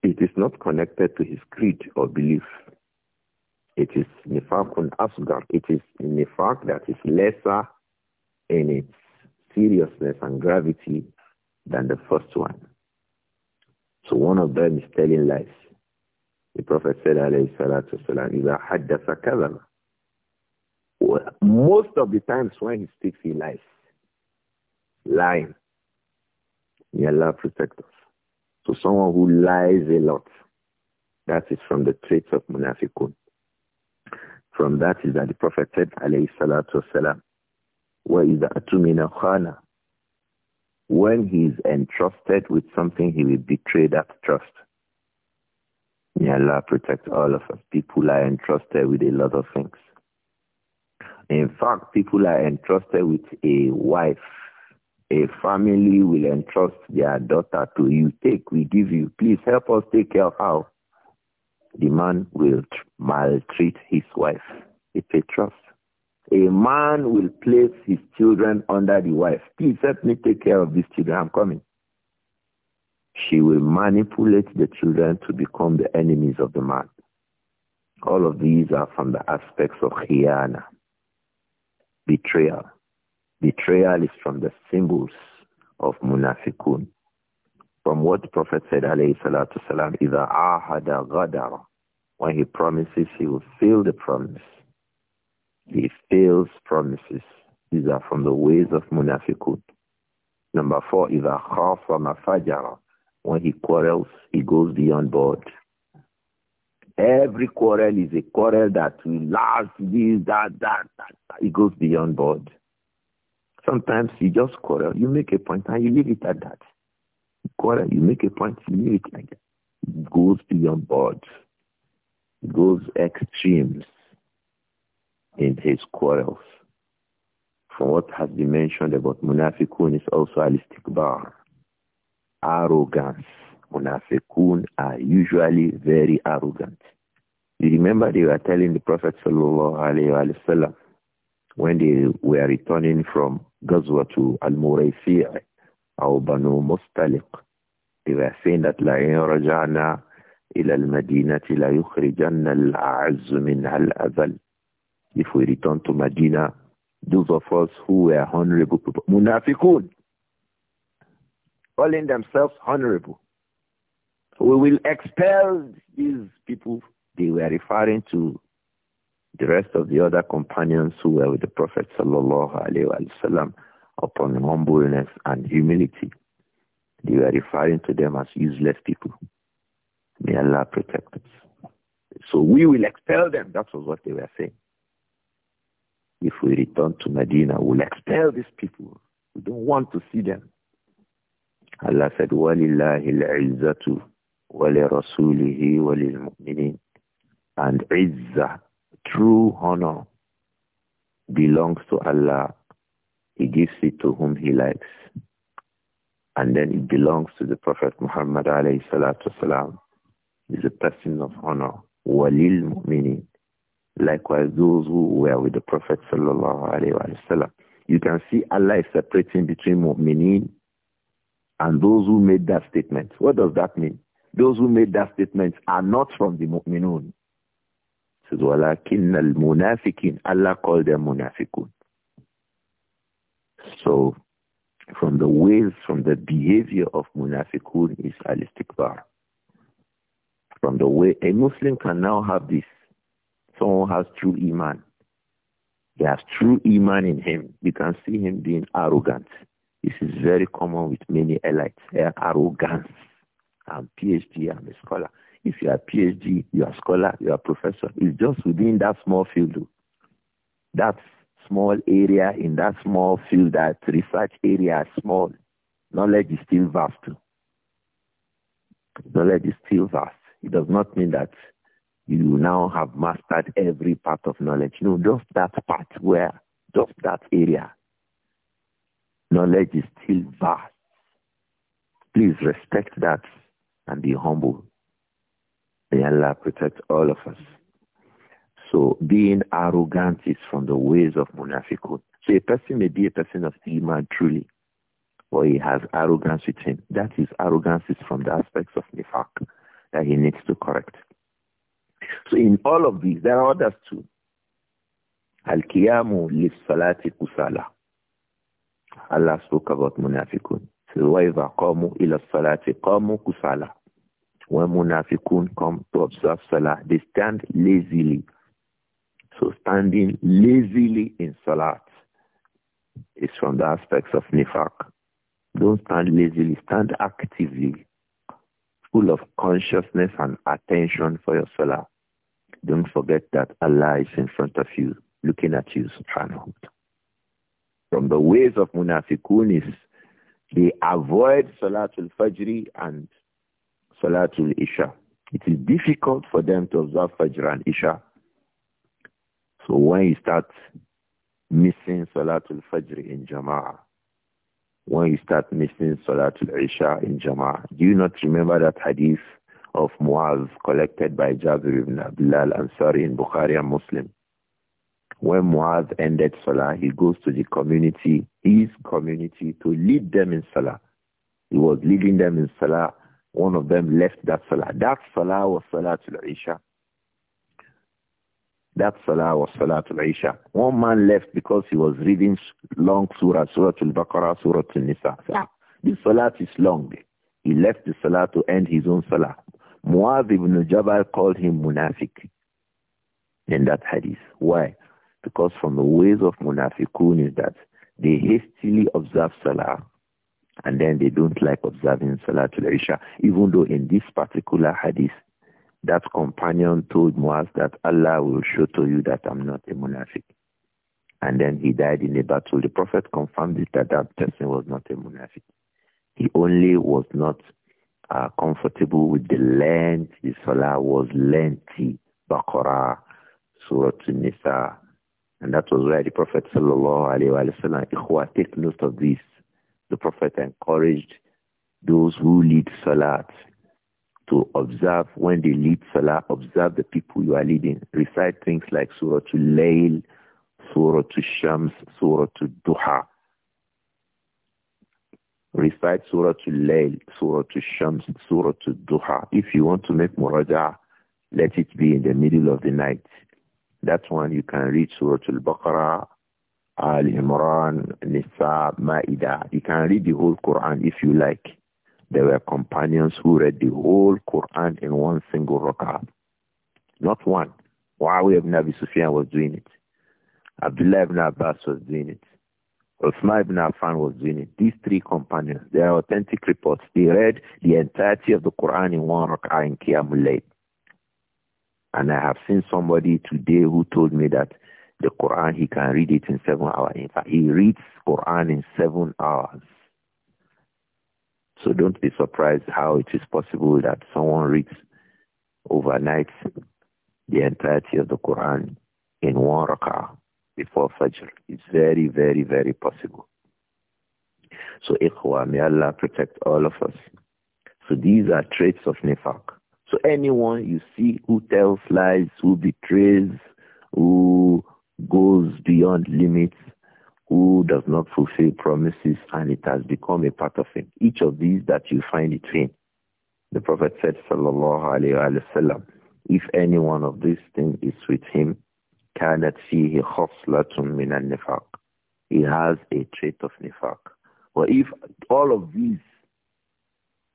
It is not connected to his creed or belief. It is nifakun asgar. It is nifak that is lesser in its seriousness and gravity than the first one. So one of them is telling lies. The Prophet said, alayhi salatu wasalam, إِذَا حَدَّثَ كَذَبَ most of the times when he speaks, he lies. Lying. May Allah protect us. So someone who lies a lot, that is from the traits of munafiqun. From that is that the Prophet said, alayhi salatu wasalam, وَإِذَا أَتُمِنَ خَانَ When he is entrusted with something, he will betray that trust. May Allah protect all of us. People are entrusted with a lot of things. In fact, people are entrusted with a wife. A family will entrust their daughter to you. Take, we give you. Please help us take care of how The man will maltreat his wife. It's a trust. A man will place his children under the wife. Please help me take care of these children. I'm coming. She will manipulate the children to become the enemies of the man. All of these are from the aspects of khiyana. Betrayal. Betrayal is from the symbols of munafiqun. From what the Prophet said, alayhi salatu salam, إِذَا عَاهَدَ غَدَرَ When he promises, he will fill the promise. He fails promises. These are from the ways of munafiqun. Number four, إِذَا خَافَ مَفَجَرَ When he quarrels, he goes beyond board. Every quarrel is a quarrel that will last, this, that, that, that. It goes beyond board. Sometimes you just quarrel, you make a point and you leave it at that. You quarrel, you make a point, you leave it like that. It goes beyond board. It goes extremes in his quarrels. From what has been mentioned about Munafikun is also al-istikbar, arrogance Munafikun are usually very arrogant. You remember they were telling the Prophet wasallam when they were returning from Ghazwa to Al-Murayfi'i or Banu Mustaliq. They were saying that لَإِنْ رَجَعْنَا إِلَى الْمَدِينَةِ لَيُخْرِجَنَّ الْأَعَزُّ مِنْهَا الْأَذَلُ If we return to Medina, those of us who were honorable people, munafiqun, calling themselves honorable, we will expel these people. They were referring to the rest of the other companions who were with the Prophet sallallahu alaihi wasallam upon humbleness and humility. They were referring to them as useless people. May Allah protect us. So we will expel them. That was what they were saying. If we return to Medina, we'll expel these people. We don't want to see them. Allah said, وَلِلَّهِ الْعِزَّةُ وَلِرَسُولِهِ وَلِلْمُؤْمِنِينَ And izzah, true honor, belongs to Allah. He gives it to whom He likes. And then it belongs to the Prophet Muhammad alayhi salatu wasalam. He's a person of honor. وَلِلْ مُؤْمِنِينَ Likewise, those who were with the Prophet sallallahu alayhi wa You can see Allah is separating between mu'minin and those who made that statement. What does that mean? Those who made that statement are not from the mu'minun. Says, وَلَكِنَّ الْمُنَافِقِينَ Allah called them munafiqun. So from the ways, from the behavior of munafiqun is al-istikbar. From the way a Muslim can now have this. Someone has true iman. He has true iman in him. You can see him being arrogant. This is very common with many elites. are arrogance. I'm PhD, I'm a scholar. If you are PhD, you are scholar, you are professor. It's just within that small field, that small area in that small field, that research area is small. Knowledge is still vast. Knowledge is still vast. It does not mean that you now have mastered every part of knowledge. No, just that part where, just that area. Knowledge is still vast. Please respect that and be humble. May Allah protect all of us. So being arrogant is from the ways of munafiqun. So a person may be a person of iman truly, but he has arrogance with him. That is arrogance is from the aspects of nifaq that he needs to correct. So in all of these, there are others too. Al-Qiyamu li salati kusala. Allah spoke about munafiqun. So وَإِذَا قَامُوا إِلَى الصَّلَاةِ قَامُوا كُسَالَى When munafiqun come to observe salah, they stand lazily. So standing lazily in salat is from the aspects of nifaq. Don't stand lazily, stand actively, full of consciousness and attention for your salah. Don't forget that Allah is in front of you, looking at you, subhanahu From the ways of munafikun is they avoid Salatul Fajr and Salatul Isha. It is difficult for them to observe Fajr and Isha. So when you start missing Salatul Fajr in Jama'ah, when you start missing Salatul Isha in Jama'ah, do you not remember that hadith of Muaz collected by Jabir ibn Abdullah al-Ansari in Bukhari and Muslim? When Muaz ended Salah, he goes to the community, his community, to lead them in Salah. He was leading them in Salah. One of them left that Salah. That Salah was Salah to Isha. That Salah was Salah to Isha. One man left because he was reading long Surah, Surah Al-Baqarah, Surah Al-Nisa. Yeah. This Salah is long. He left the Salah to end his own Salah. Muaz ibn Jabal called him munafiq. in that hadith. Why? Because from the ways of munafiqun is that they hastily observe salah and then they don't like observing salah Salatul Isha, even though in this particular hadith, that companion told Muaz that Allah will show to you that I'm not a munafiq. And then he died in a battle. The Prophet confirmed it that that person was not a munafiq. He only was not uh, comfortable with the length. The salah was lengthy. Baqarah, Surah Nisa, and that was why the Prophet sallallahu alaihi wasallam, take note of this. The Prophet encouraged those who lead salat to observe when they lead salah, observe the people you are leading. Recite things like Surah to Layl, Surah to Shams, Surah to Duha. Recite Surah to Layl, Surah to Shams, Surah to Duha. If you want to make muraja, let it be in the middle of the night. That one you can read Surah Al-Baqarah, Al-Imran, Nisa, Ma'idah. You can read the whole Quran if you like. There were companions who read the whole Quran in one single rak'ah. Not one. Muawiyah ibn Abi Sufyan was doing it. Abdullah ibn Abbas was doing it. Uthman ibn Affan was doing it. These three companions, they are authentic reports. They read the entirety of the Quran in one rak'ah in Qiyamul Layl. And I have seen somebody today who told me that the Quran, he can read it in seven hours. In fact, he reads Quran in seven hours. So don't be surprised how it is possible that someone reads overnight the entirety of the Quran in one rakah before Fajr. It's very, very, very possible. So ikhwa, may Allah protect all of us. So these are traits of nifaq. So anyone you see who tells lies, who betrays, who goes beyond limits, who does not fulfill promises, and it has become a part of him. Each of these that you find it in. The Prophet said, Sallallahu Alaihi Wasallam, if any one of these things is with him, cannot see خصلة من النفاق. He has a trait of nifaq. Or if all of these,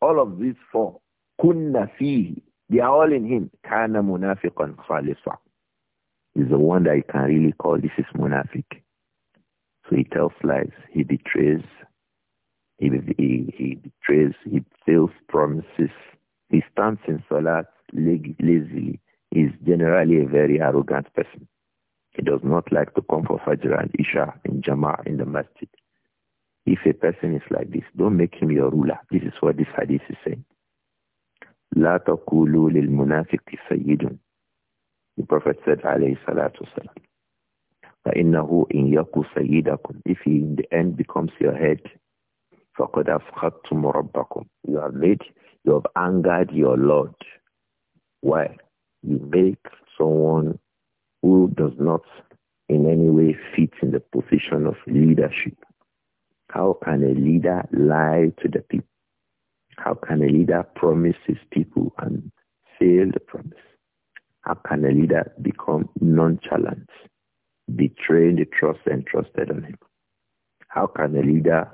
all of these four kunna fihi. They are all in him. Kana munafiqan khalisa. He's the one that you can really call this is munafiq. So he tells lies. He betrays. He, he, he betrays. He fails promises. He stands in salat lazily. He's generally a very arrogant person. He does not like to come for Fajr and Isha in Jama'ah in the masjid. If a person is like this, don't make him your ruler. This is what this hadith is saying. لا تقولوا للمنافق سيد The Prophet said عليه الصلاة والسلام فإنه إن يكو سيدكم If he in the end becomes your head فقد أفخدتم ربكم You have made, you have angered your Lord Why? You make someone who does not in any way fit in the position of leadership. How can a leader lie to the people? How can a leader promise his people and fail the promise? How can a leader become nonchalant, betraying the trust entrusted on him? How can a leader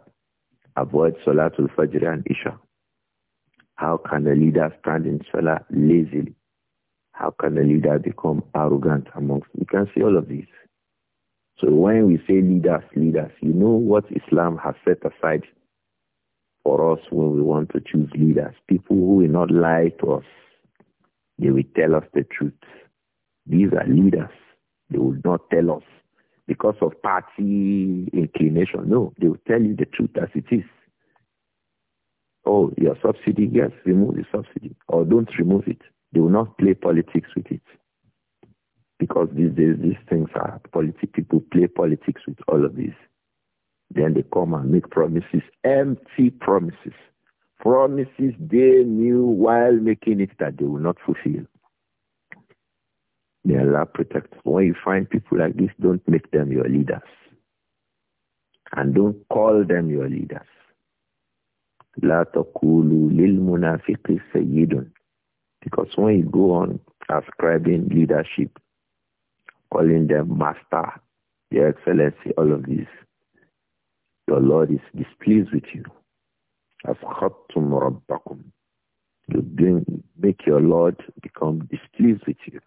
avoid Salatul Fajr and Isha? How can a leader stand in Salah lazily? How can a leader become arrogant amongst? You can see all of these. So when we say leaders, leaders, you know what Islam has set aside for us when we want to choose leaders. People who will not lie to us. They will tell us the truth. These are leaders. They will not tell us because of party inclination. No, they will tell you the truth as it is. Oh, your subsidy, yes, remove the subsidy. Or don't remove it. They will not play politics with it. Because these days, these things are politics. People play politics with all of these. Then they come and make promises, empty promises. Promises they knew while making it that they will not fulfill. May Allah protect. When you find people like this, don't make them your leaders. And don't call them your leaders. لا تقولوا للمنافق سيد because when you go on ascribing leadership, calling them master, their excellency, all of this, your Lord is displeased with you. أَفْخَطْتُمْ You bring, make your Lord become displeased with you.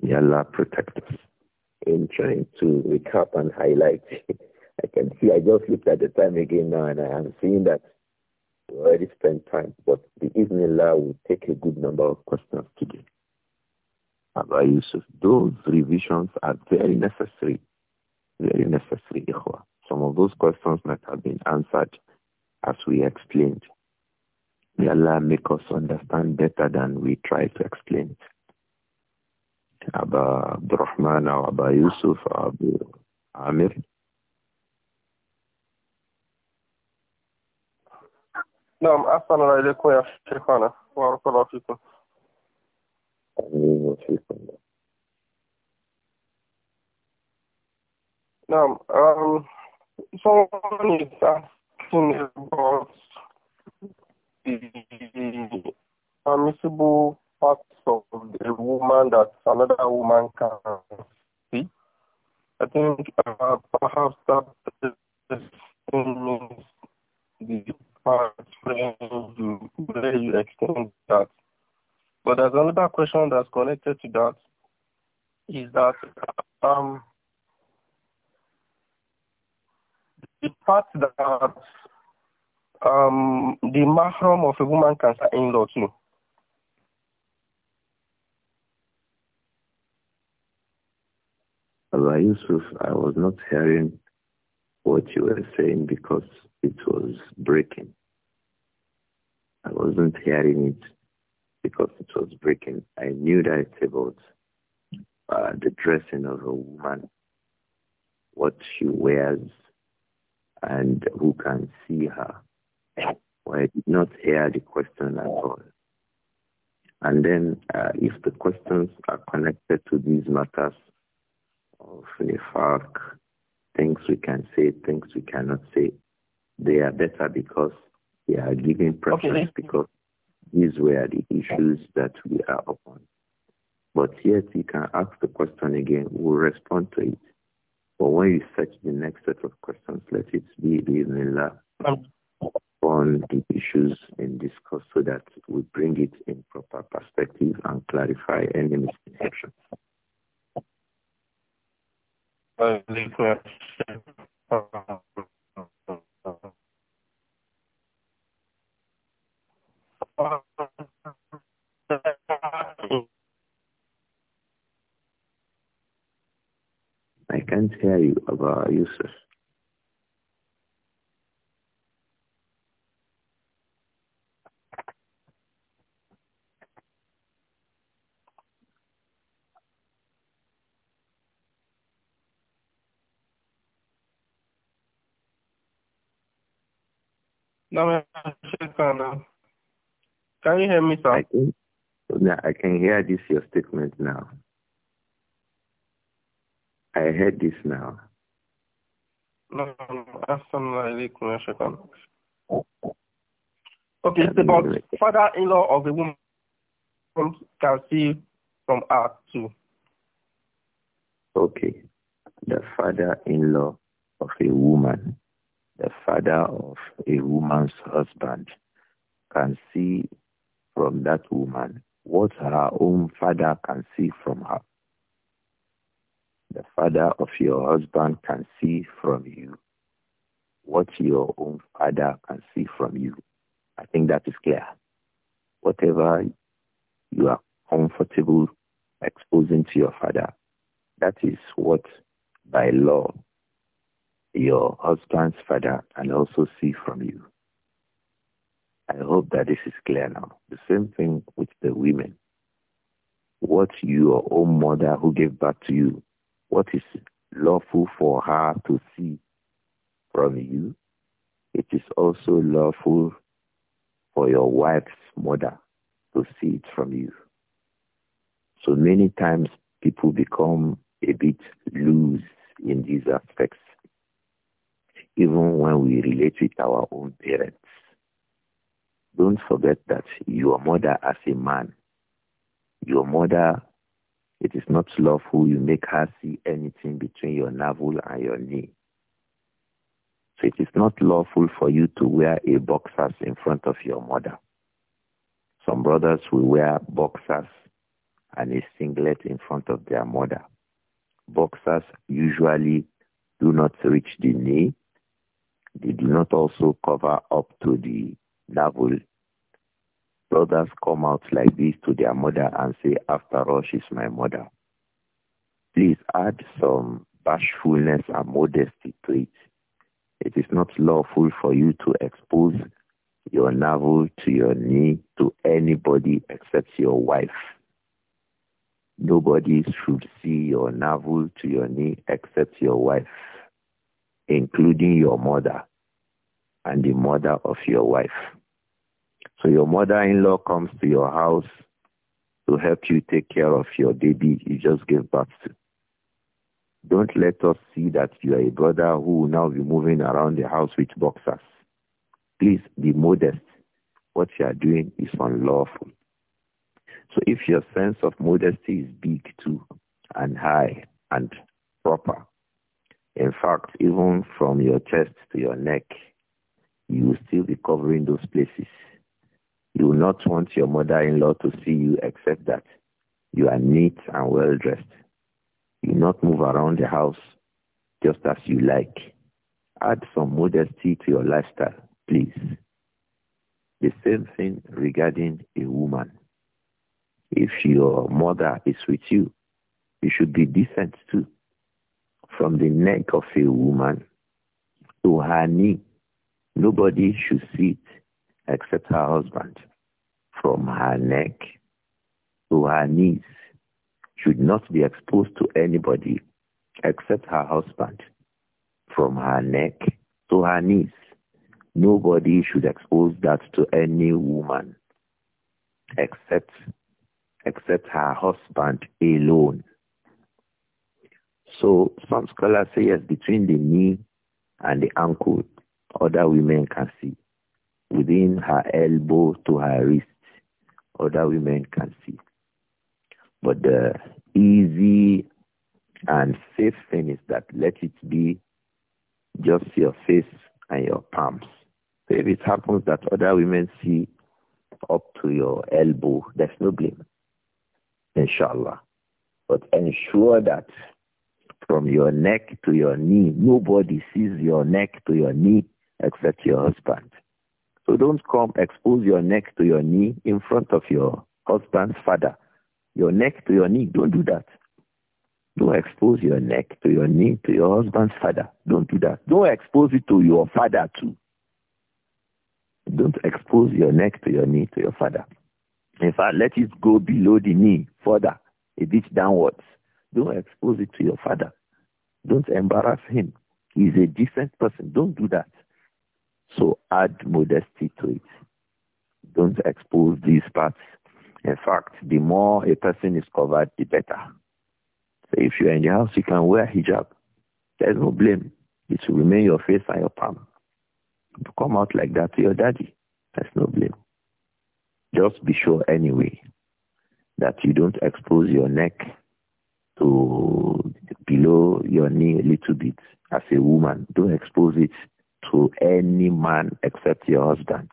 May Allah protect us. In trying to recap and highlight, [laughs] I can see I just looked at the time again now and I am seeing that we already spent time, but the evening, Iznillah will take a good number of questions today. Abba Yusuf, those revisions are very necessary, very necessary, Ikhwa. Some of those questions might have been answered as we explained. May Allah make us understand better than we try to explain it. Abba Abdurrahman or Abba Yusuf or Abu Amir. No, I'm asking يا شيخنا وبارك الله فيكم آمين وفيكم نعم um, someone it's asking about the permissible parts of the woman that another woman can see. I think uh, perhaps that is the part where you, where you extend that. But there's another question that's connected to that is that um, the part that um, the mahram of a woman can start in-law too. Abba Yusuf, I was not hearing what you were saying because it was breaking. I wasn't hearing it because it was breaking. I knew that it's about uh, the dressing of a woman, what she wears, and who can see her. Well, I did not hear the question at all. And then uh, if the questions are connected to these matters of nifaq, things we can say, things we cannot say, they are better because they are giving preference okay. because these were the issues that we are upon. But yet you can ask the question again, we'll respond to it. But when you search the next set of questions, let it be um. on the issues in discourse so that we bring it in proper perspective and clarify any misconceptions. Uh, can you, uh, Yusuf. Uh, can you hear me, sir? I can, I can hear this your statement now. I heard this now. Okay, it's about father-in-law of a woman can see from her too. Okay, the father-in-law of a woman, the father of a woman's husband can see from that woman what her own father can see from her the father of your husband can see from you what your own father can see from you. I think that is clear. Whatever you are comfortable exposing to your father, that is what by law your husband's father can also see from you. I hope that this is clear now. The same thing with the women. What your own mother who gave birth to you what is lawful for her to see from you, it is also lawful for your wife's mother to see it from you. So many times people become a bit loose in these aspects, even when we relate with our own parents. Don't forget that your mother as a man, your mother it is not lawful you make her see anything between your navel and your knee. So it is not lawful for you to wear a boxers in front of your mother. Some brothers will wear boxers and a singlet in front of their mother. Boxers usually do not reach the knee. They do not also cover up to the navel Brothers come out like this to their mother and say, after all, she's my mother. Please add some bashfulness and modesty to it. It is not lawful for you to expose your navel to your knee to anybody except your wife. Nobody should see your navel to your knee except your wife, including your mother and the mother of your wife. So your mother-in-law comes to your house to help you take care of your baby you just gave birth to. Don't let us see that you are a brother who will now be moving around the house with boxers. Please be modest. What you are doing is unlawful. So if your sense of modesty is big too and high and proper, in fact, even from your chest to your neck, you will still be covering those places. You will not want your mother-in-law to see you except that you are neat and well-dressed. You not move around the house just as you like. Add some modesty to your lifestyle, please. The same thing regarding a woman. If your mother is with you, you should be decent too. From the neck of a woman to her knee, nobody should see it except her husband, from her neck to her knees, should not be exposed to anybody except her husband, from her neck to her knees. Nobody should expose that to any woman except except her husband alone. So some scholars say yes, between the knee and the ankle, other women can see within her elbow to her wrist. Other women can see. But the easy and safe thing is that let it be just your face and your palms. So if it happens that other women see up to your elbow, there's no blame, inshallah. But ensure that from your neck to your knee, nobody sees your neck to your knee except your husband. So don't come expose your neck to your knee in front of your husband's father. Your neck to your knee. Don't do that. Don't expose your neck to your knee to your husband's father. Don't do that. Don't expose it to your father too. Don't expose your neck to your knee to your father. In fact, let it go below the knee further, a bit downwards. Don't expose it to your father. Don't embarrass him. He's a decent person. Don't do that. So add modesty to it. Don't expose these parts. In fact, the more a person is covered, the better. So if you're in the house, you can wear hijab. There's no blame. It should remain your face and your palm. To come out like that to your daddy. There's no blame. Just be sure anyway that you don't expose your neck to below your knee a little bit as a woman. Don't expose it to any man except your husband.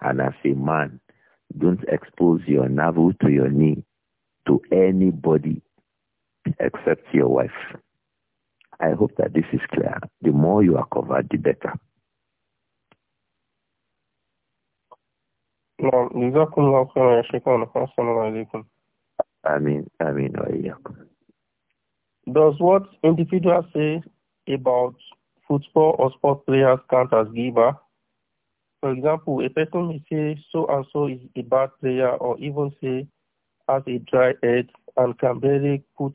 And as a man, don't expose your navel to your knee to anybody except your wife. I hope that this is clear. The more you are covered, the better. نعم جزاكم الله خيرا Does what individuals say about football or sports players count as giver? For example, a person may say so and so is a bad player or even say has a dry head and can barely put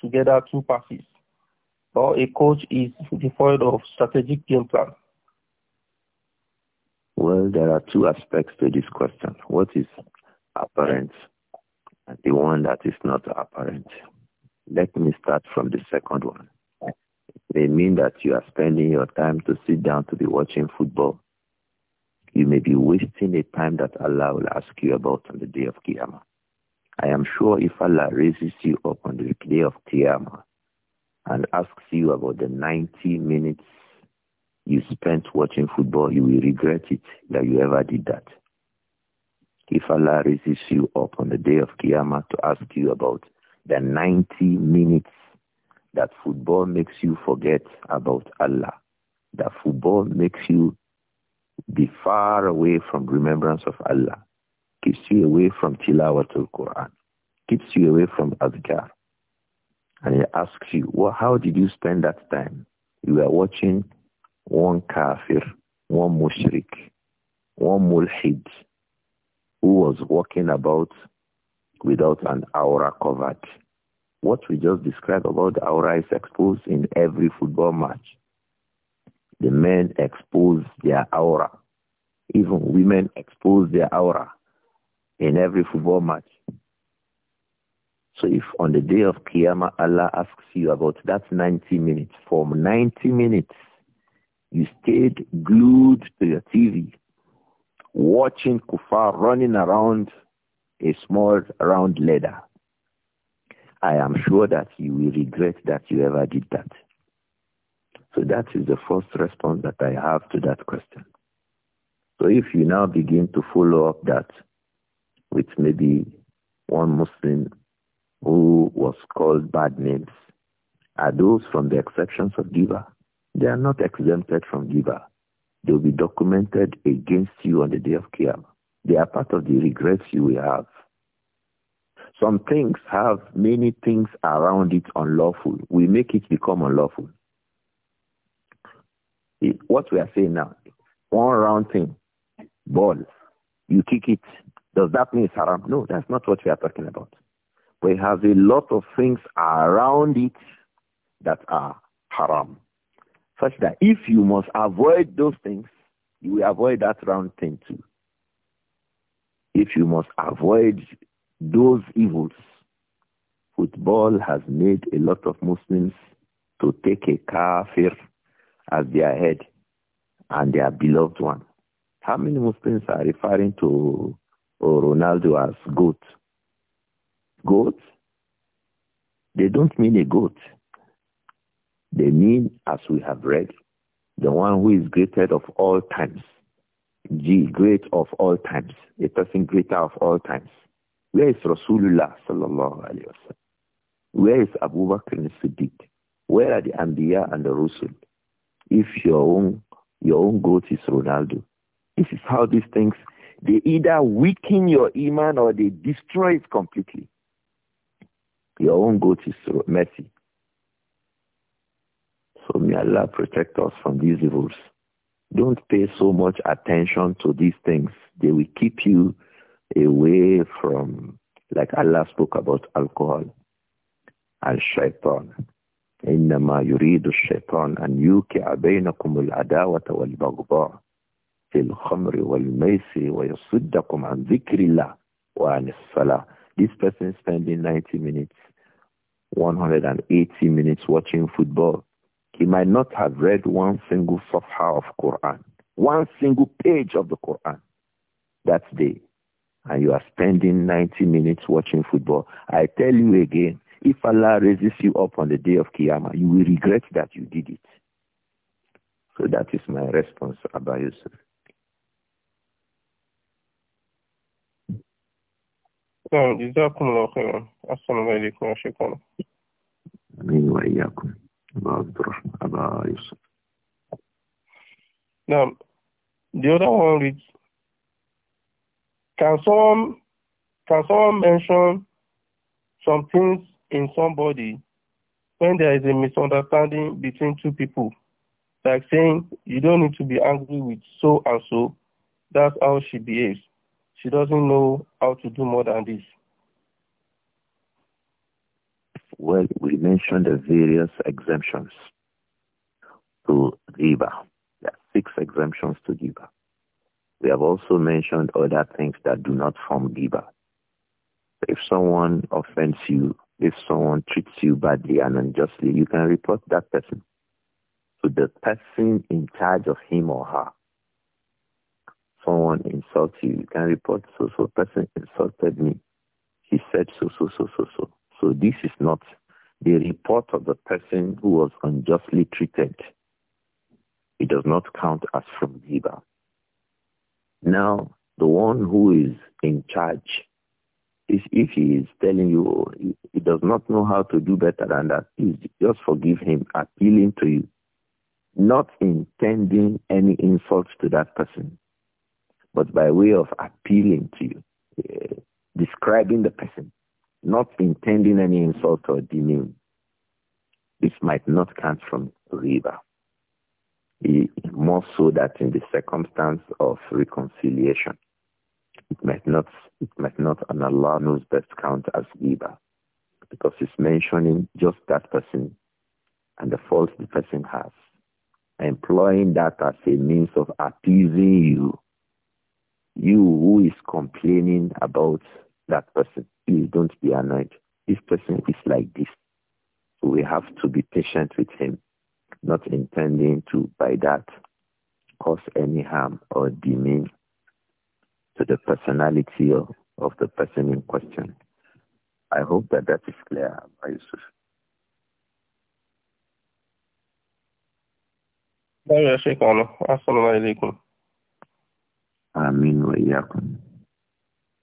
together two passes. Or a coach is devoid of strategic game plan. Well, there are two aspects to this question. What is apparent and the one that is not apparent. Let me start from the second one. It may mean that you are spending your time to sit down to be watching football. You may be wasting a time that Allah will ask you about on the day of Qiyamah. I am sure if Allah raises you up on the day of Qiyamah and asks you about the 90 minutes you spent watching football, you will regret it that you ever did that. If Allah raises you up on the day of Qiyamah to ask you about the 90 minutes that football makes you forget about Allah. That football makes you be far away from remembrance of Allah. Keeps you away from tilawatul Quran. Keeps you away from adhkar. And he asks you, well, how did you spend that time? You were watching one kafir, one mushrik, one mulhid, who was walking about without an aura covered what we just described about Aura is exposed in every football match. The men expose their aura. Even women expose their aura in every football match. So if on the day of Qiyamah, Allah asks you about that 90 minutes, for 90 minutes, you stayed glued to your TV, watching kufar running around a small round ladder. I am sure that you will regret that you ever did that. So that is the first response that I have to that question. So if you now begin to follow up that with maybe one Muslim who was called bad names, are those from the exceptions of Giva? They are not exempted from Giva. They will be documented against you on the day of Qiyamah. They are part of the regrets you will have. Some things have many things around it unlawful. We make it become unlawful. Eh, what we are saying now, one round thing, ball, you kick it. Does that mean it's haram? No, that's not what we are talking about. We have a lot of things around it that are haram. Such that if you must avoid those things, you will avoid that round thing too. If you must avoid those evils, football has made a lot of Muslims to take a kafir as their head and their beloved one. How many Muslims are referring to Ronaldo as goat? Goat? They don't mean a goat. They mean, as we have read, the one who is greater of all times. G, great of all times. A person greater of all times. Where is Rasulullah sallallahu alayhi wa Where is Abu Bakr siddiq Where are the Anbiya and the Rusul? If your own, your own goat is Ronaldo. This is how these things, they either weaken your iman or they destroy it completely. Your own goat is Messi. So may Allah protect us from these evils. Don't pay so much attention to these things. They will keep you away from, like Allah spoke about alcohol and shaitan. إنما يريد الشيطان أن يوقع بينكم العداوة والبغضاء في الخمر والميسر ويصدكم عن ذكر الله وعن الصلاة. This person spending 90 minutes, 180 minutes watching football. He might not have read one single safha of Quran, one single page of the Quran that day and you are spending 90 minutes watching football, I tell you again, if Allah raises you up on the day of Qiyamah, you will regret that you did it. So that is my response, Abba Yusuf. the other one reads can someone, can someone mention some things in somebody when there is a misunderstanding between two people? Like saying, you don't need to be angry with so and so. That's how she behaves. She doesn't know how to do more than this. Well, we mentioned the various exemptions to riba. There are six exemptions to riba. We have also mentioned other things that do not form giba. If someone offends you, if someone treats you badly and unjustly, you can report that person to the person in charge of him or her. Someone insults you, you can report so so person insulted me. He said so so so so so. So this is not the report of the person who was unjustly treated. It does not count as from giba. Now, the one who is in charge, if, if he is telling you oh, he, does not know how to do better than that, please just forgive him, appealing to you, not intending any insult to that person, but by way of appealing to you, uh, describing the person, not intending any insult or demean. This might not count from riba more so that in the circumstance of reconciliation, it might not, it might not, and Allah knows best count as giver, because it's mentioning just that person and the fault the person has, employing that as a means of appeasing you, you who is complaining about that person. Please don't be annoyed. This person is like this. we have to be patient with him not intending to, by that, cause any harm or demean to the personality of, of the person in question. I hope that that is clear, Yusuf. يا شيخنا أحسن إليكم آمين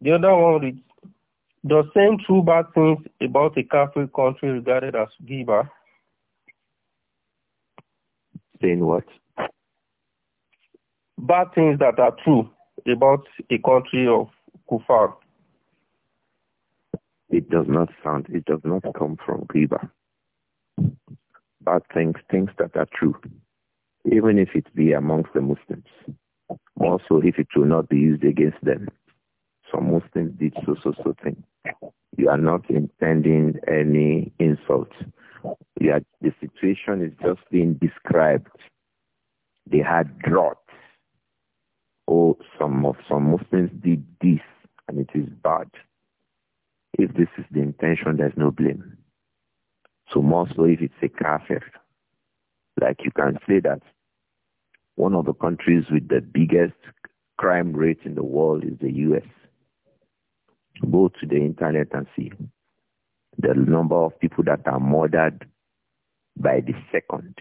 The other one reads, does saying true bad things about a Catholic country regarded as giver saying what? Bad things that are true about a country of Kufar. It does not sound, it does not come from Riba. Bad things, things that are true, even if it be amongst the Muslims. Also, if it will not be used against them. Some Muslims did so, so, so thing. You are not intending any insult yeah, the situation is just being described. They had drought. Oh, some of some Muslims did this, and it is bad. If this is the intention, there's no blame. So more so if it's a kafir. Like you can say that one of the countries with the biggest crime rate in the world is the U.S. Go to the internet and see the number of people that are murdered by the second,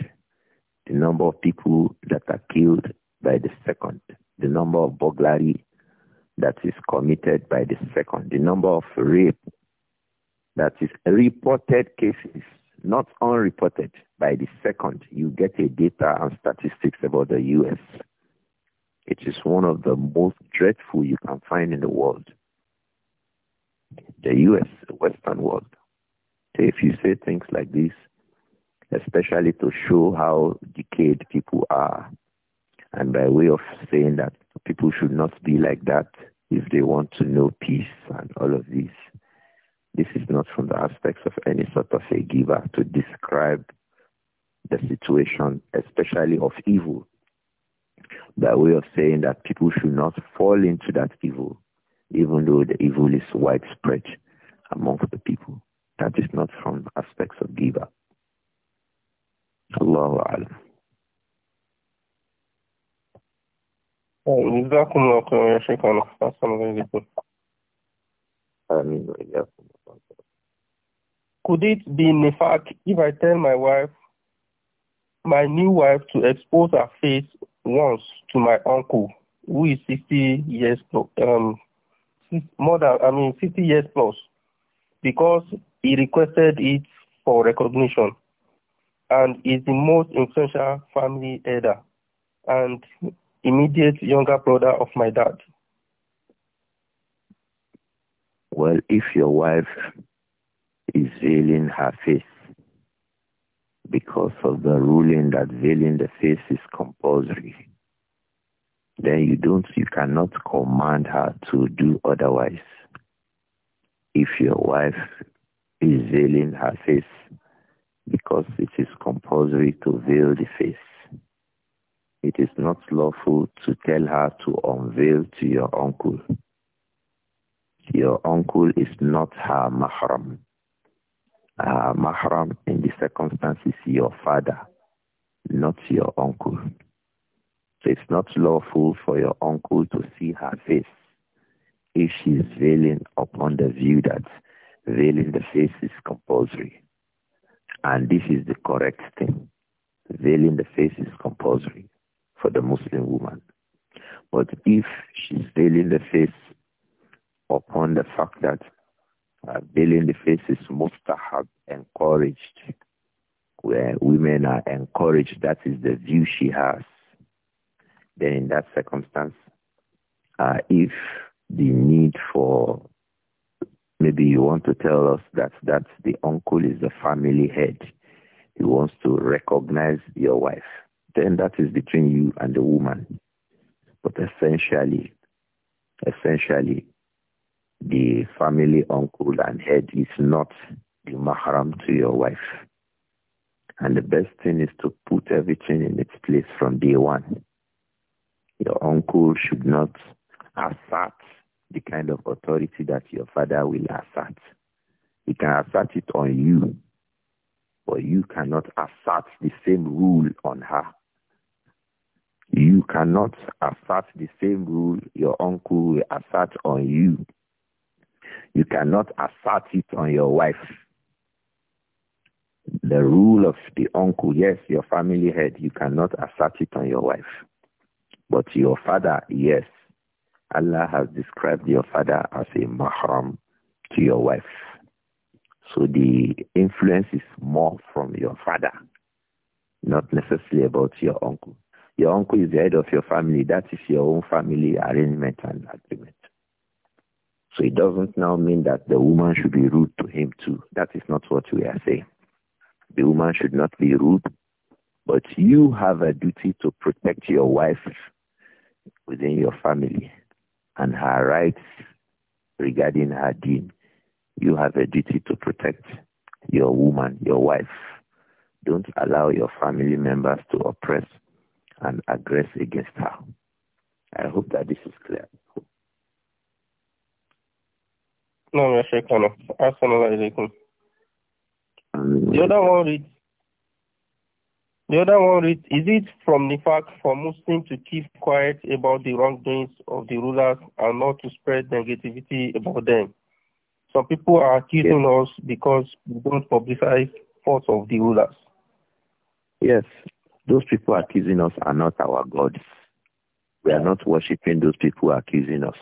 the number of people that are killed by the second, the number of burglary that is committed by the second, the number of rape that is reported cases, not unreported by the second. You get a data and statistics about the U.S. It is one of the most dreadful you can find in the world. The U.S., the Western world. So if you say things like this, especially to show how decayed people are, and by way of saying that people should not be like that if they want to know peace and all of this, this is not from the aspects of any sort of a giver to describe the situation, especially of evil, by way of saying that people should not fall into that evil, even though the evil is widespread amongst the people. That is not from aspects of giver. Allahu Alam. Oh, Could it be fact if I tell my wife, my new wife, to expose her face once to my uncle, who is 60 years um, more than I mean 50 years plus, because he requested it for recognition and is the most influential family elder and immediate younger brother of my dad. Well, if your wife is veiling her face because of the ruling that veiling the face is compulsory, then you don't, you cannot command her to do otherwise. If your wife is veiling her face because it is compulsory to veil the face. It is not lawful to tell her to unveil to your uncle. Your uncle is not her mahram. Her mahram in the circumstance is your father, not your uncle. So it's not lawful for your uncle to see her face if she is veiling upon the view that Veiling the face is compulsory. And this is the correct thing. Veiling the face is compulsory for the Muslim woman. But if she's veiling the face upon the fact that uh, veiling the face is mustahab, encouraged, where women are encouraged, that is the view she has, then in that circumstance, uh, if the need for Maybe you want to tell us that that's the uncle is the family head. He wants to recognize your wife. Then that is between you and the woman. But essentially, essentially, the family uncle and head is not the mahram to your wife. And the best thing is to put everything in its place from day one. Your uncle should not assert the kind of authority that your father will assert. He can assert it on you, but you cannot assert the same rule on her. You cannot assert the same rule your uncle will assert on you. You cannot assert it on your wife. The rule of the uncle, yes, your family head, you cannot assert it on your wife. But your father, yes, Allah has described your father as a mahram to your wife. So the influence is more from your father, not necessarily about your uncle. Your uncle is the head of your family. That is your own family arrangement and agreement. So it doesn't now mean that the woman should be rude to him too. That is not what we are saying. The woman should not be rude, but you have a duty to protect your wife within your family and her rights regarding her deen. You have a duty to protect your woman, your wife. Don't allow your family members to oppress and aggress against her. I hope that this is clear. No, Mr. Kano. Assalamu alaikum. The other one reads, the other one reads, is it from the fact for Muslims to keep quiet about the wrongdoings of the rulers and not to spread negativity about them? Some people are accusing yes. us because we don't publicize faults of the rulers. Yes, those people accusing us are not our gods. We are not worshipping those people accusing us.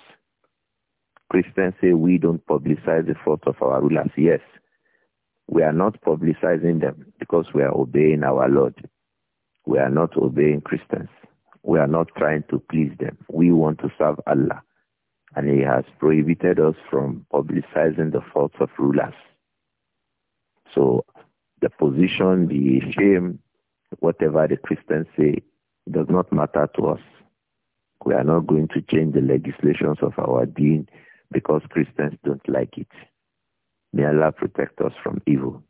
Christians say we don't publicize the faults of our rulers. Yes, we are not publicizing them because we are obeying our Lord we are not obeying Christians. We are not trying to please them. We want to serve Allah. And he has prohibited us from publicizing the faults of rulers. So the position, the shame, whatever the Christians say, does not matter to us. We are not going to change the legislations of our deen because Christians don't like it. May Allah protect us from evil.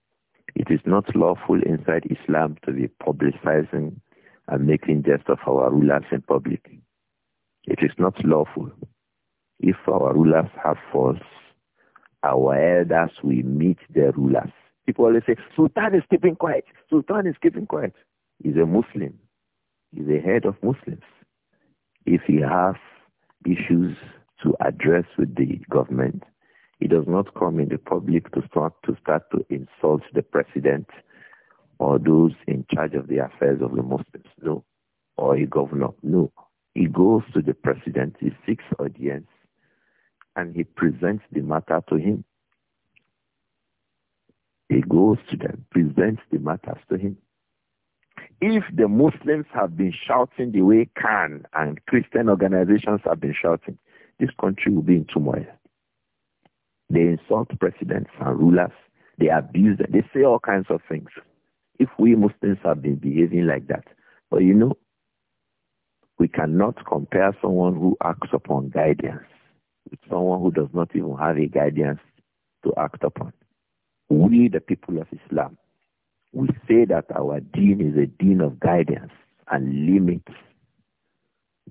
It is not lawful inside Islam to be publicizing and making jest of our rulers in public. It is not lawful. If our rulers have faults, our elders will meet the rulers. People always say, Sultan is keeping quiet. Sultan is keeping quiet. He's a Muslim. He's the head of Muslims. If he has issues to address with the government, he does not come in the public to start to start to insult the president or those in charge of the affairs of the Muslims, no, or a governor, no. He goes to the president, he seeks audience, and he presents the matter to him. He goes to them, presents the matters to him. If the Muslims have been shouting the way Khan and Christian organizations have been shouting, this country will be in turmoil. They insult presidents and rulers. They abuse them. They say all kinds of things. If we Muslims have been behaving like that, but you know, we cannot compare someone who acts upon guidance with someone who does not even have a guidance to act upon. We, the people of Islam, we say that our deen is a deen of guidance and limits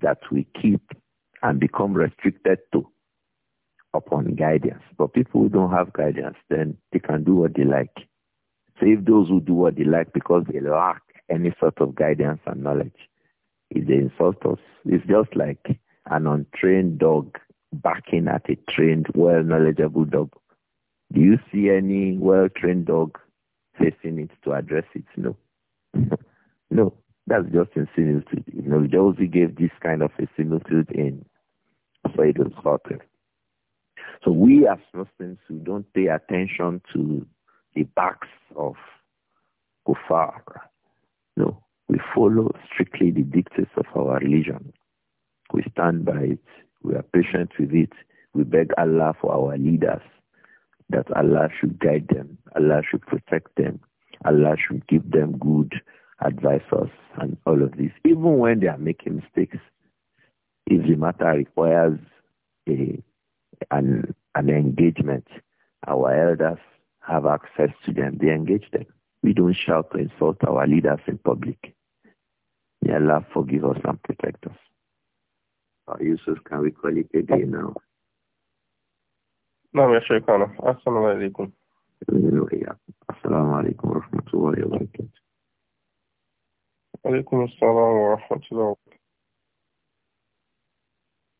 that we keep and become restricted to upon guidance. But people who don't have guidance, then they can do what they like. So if those who do what they like because they lack any sort of guidance and knowledge, if they insult us, it's just like an untrained dog barking at a trained, well-knowledgeable dog. Do you see any well-trained dog facing it to address it? No. [laughs] no. That's just in similitude. You know, Josie gave this kind of a similitude in Plato's al so we as Muslims who don't pay attention to the backs of kuffar, no, we follow strictly the dictates of our religion. We stand by it. We are patient with it. We beg Allah for our leaders that Allah should guide them. Allah should protect them. Allah should give them good advisors and all of this, even when they are making mistakes. If the matter requires a an, an engagement. Our elders have access to them. They engage them. We don't shout to insult our leaders in public. May Allah forgive us and protect us. Oh, Yusuf, can we call it a day now? نعم يا شيخنا السلام عليكم السلام عليكم ورحمة الله وبركاته وعليكم السلام ورحمة الله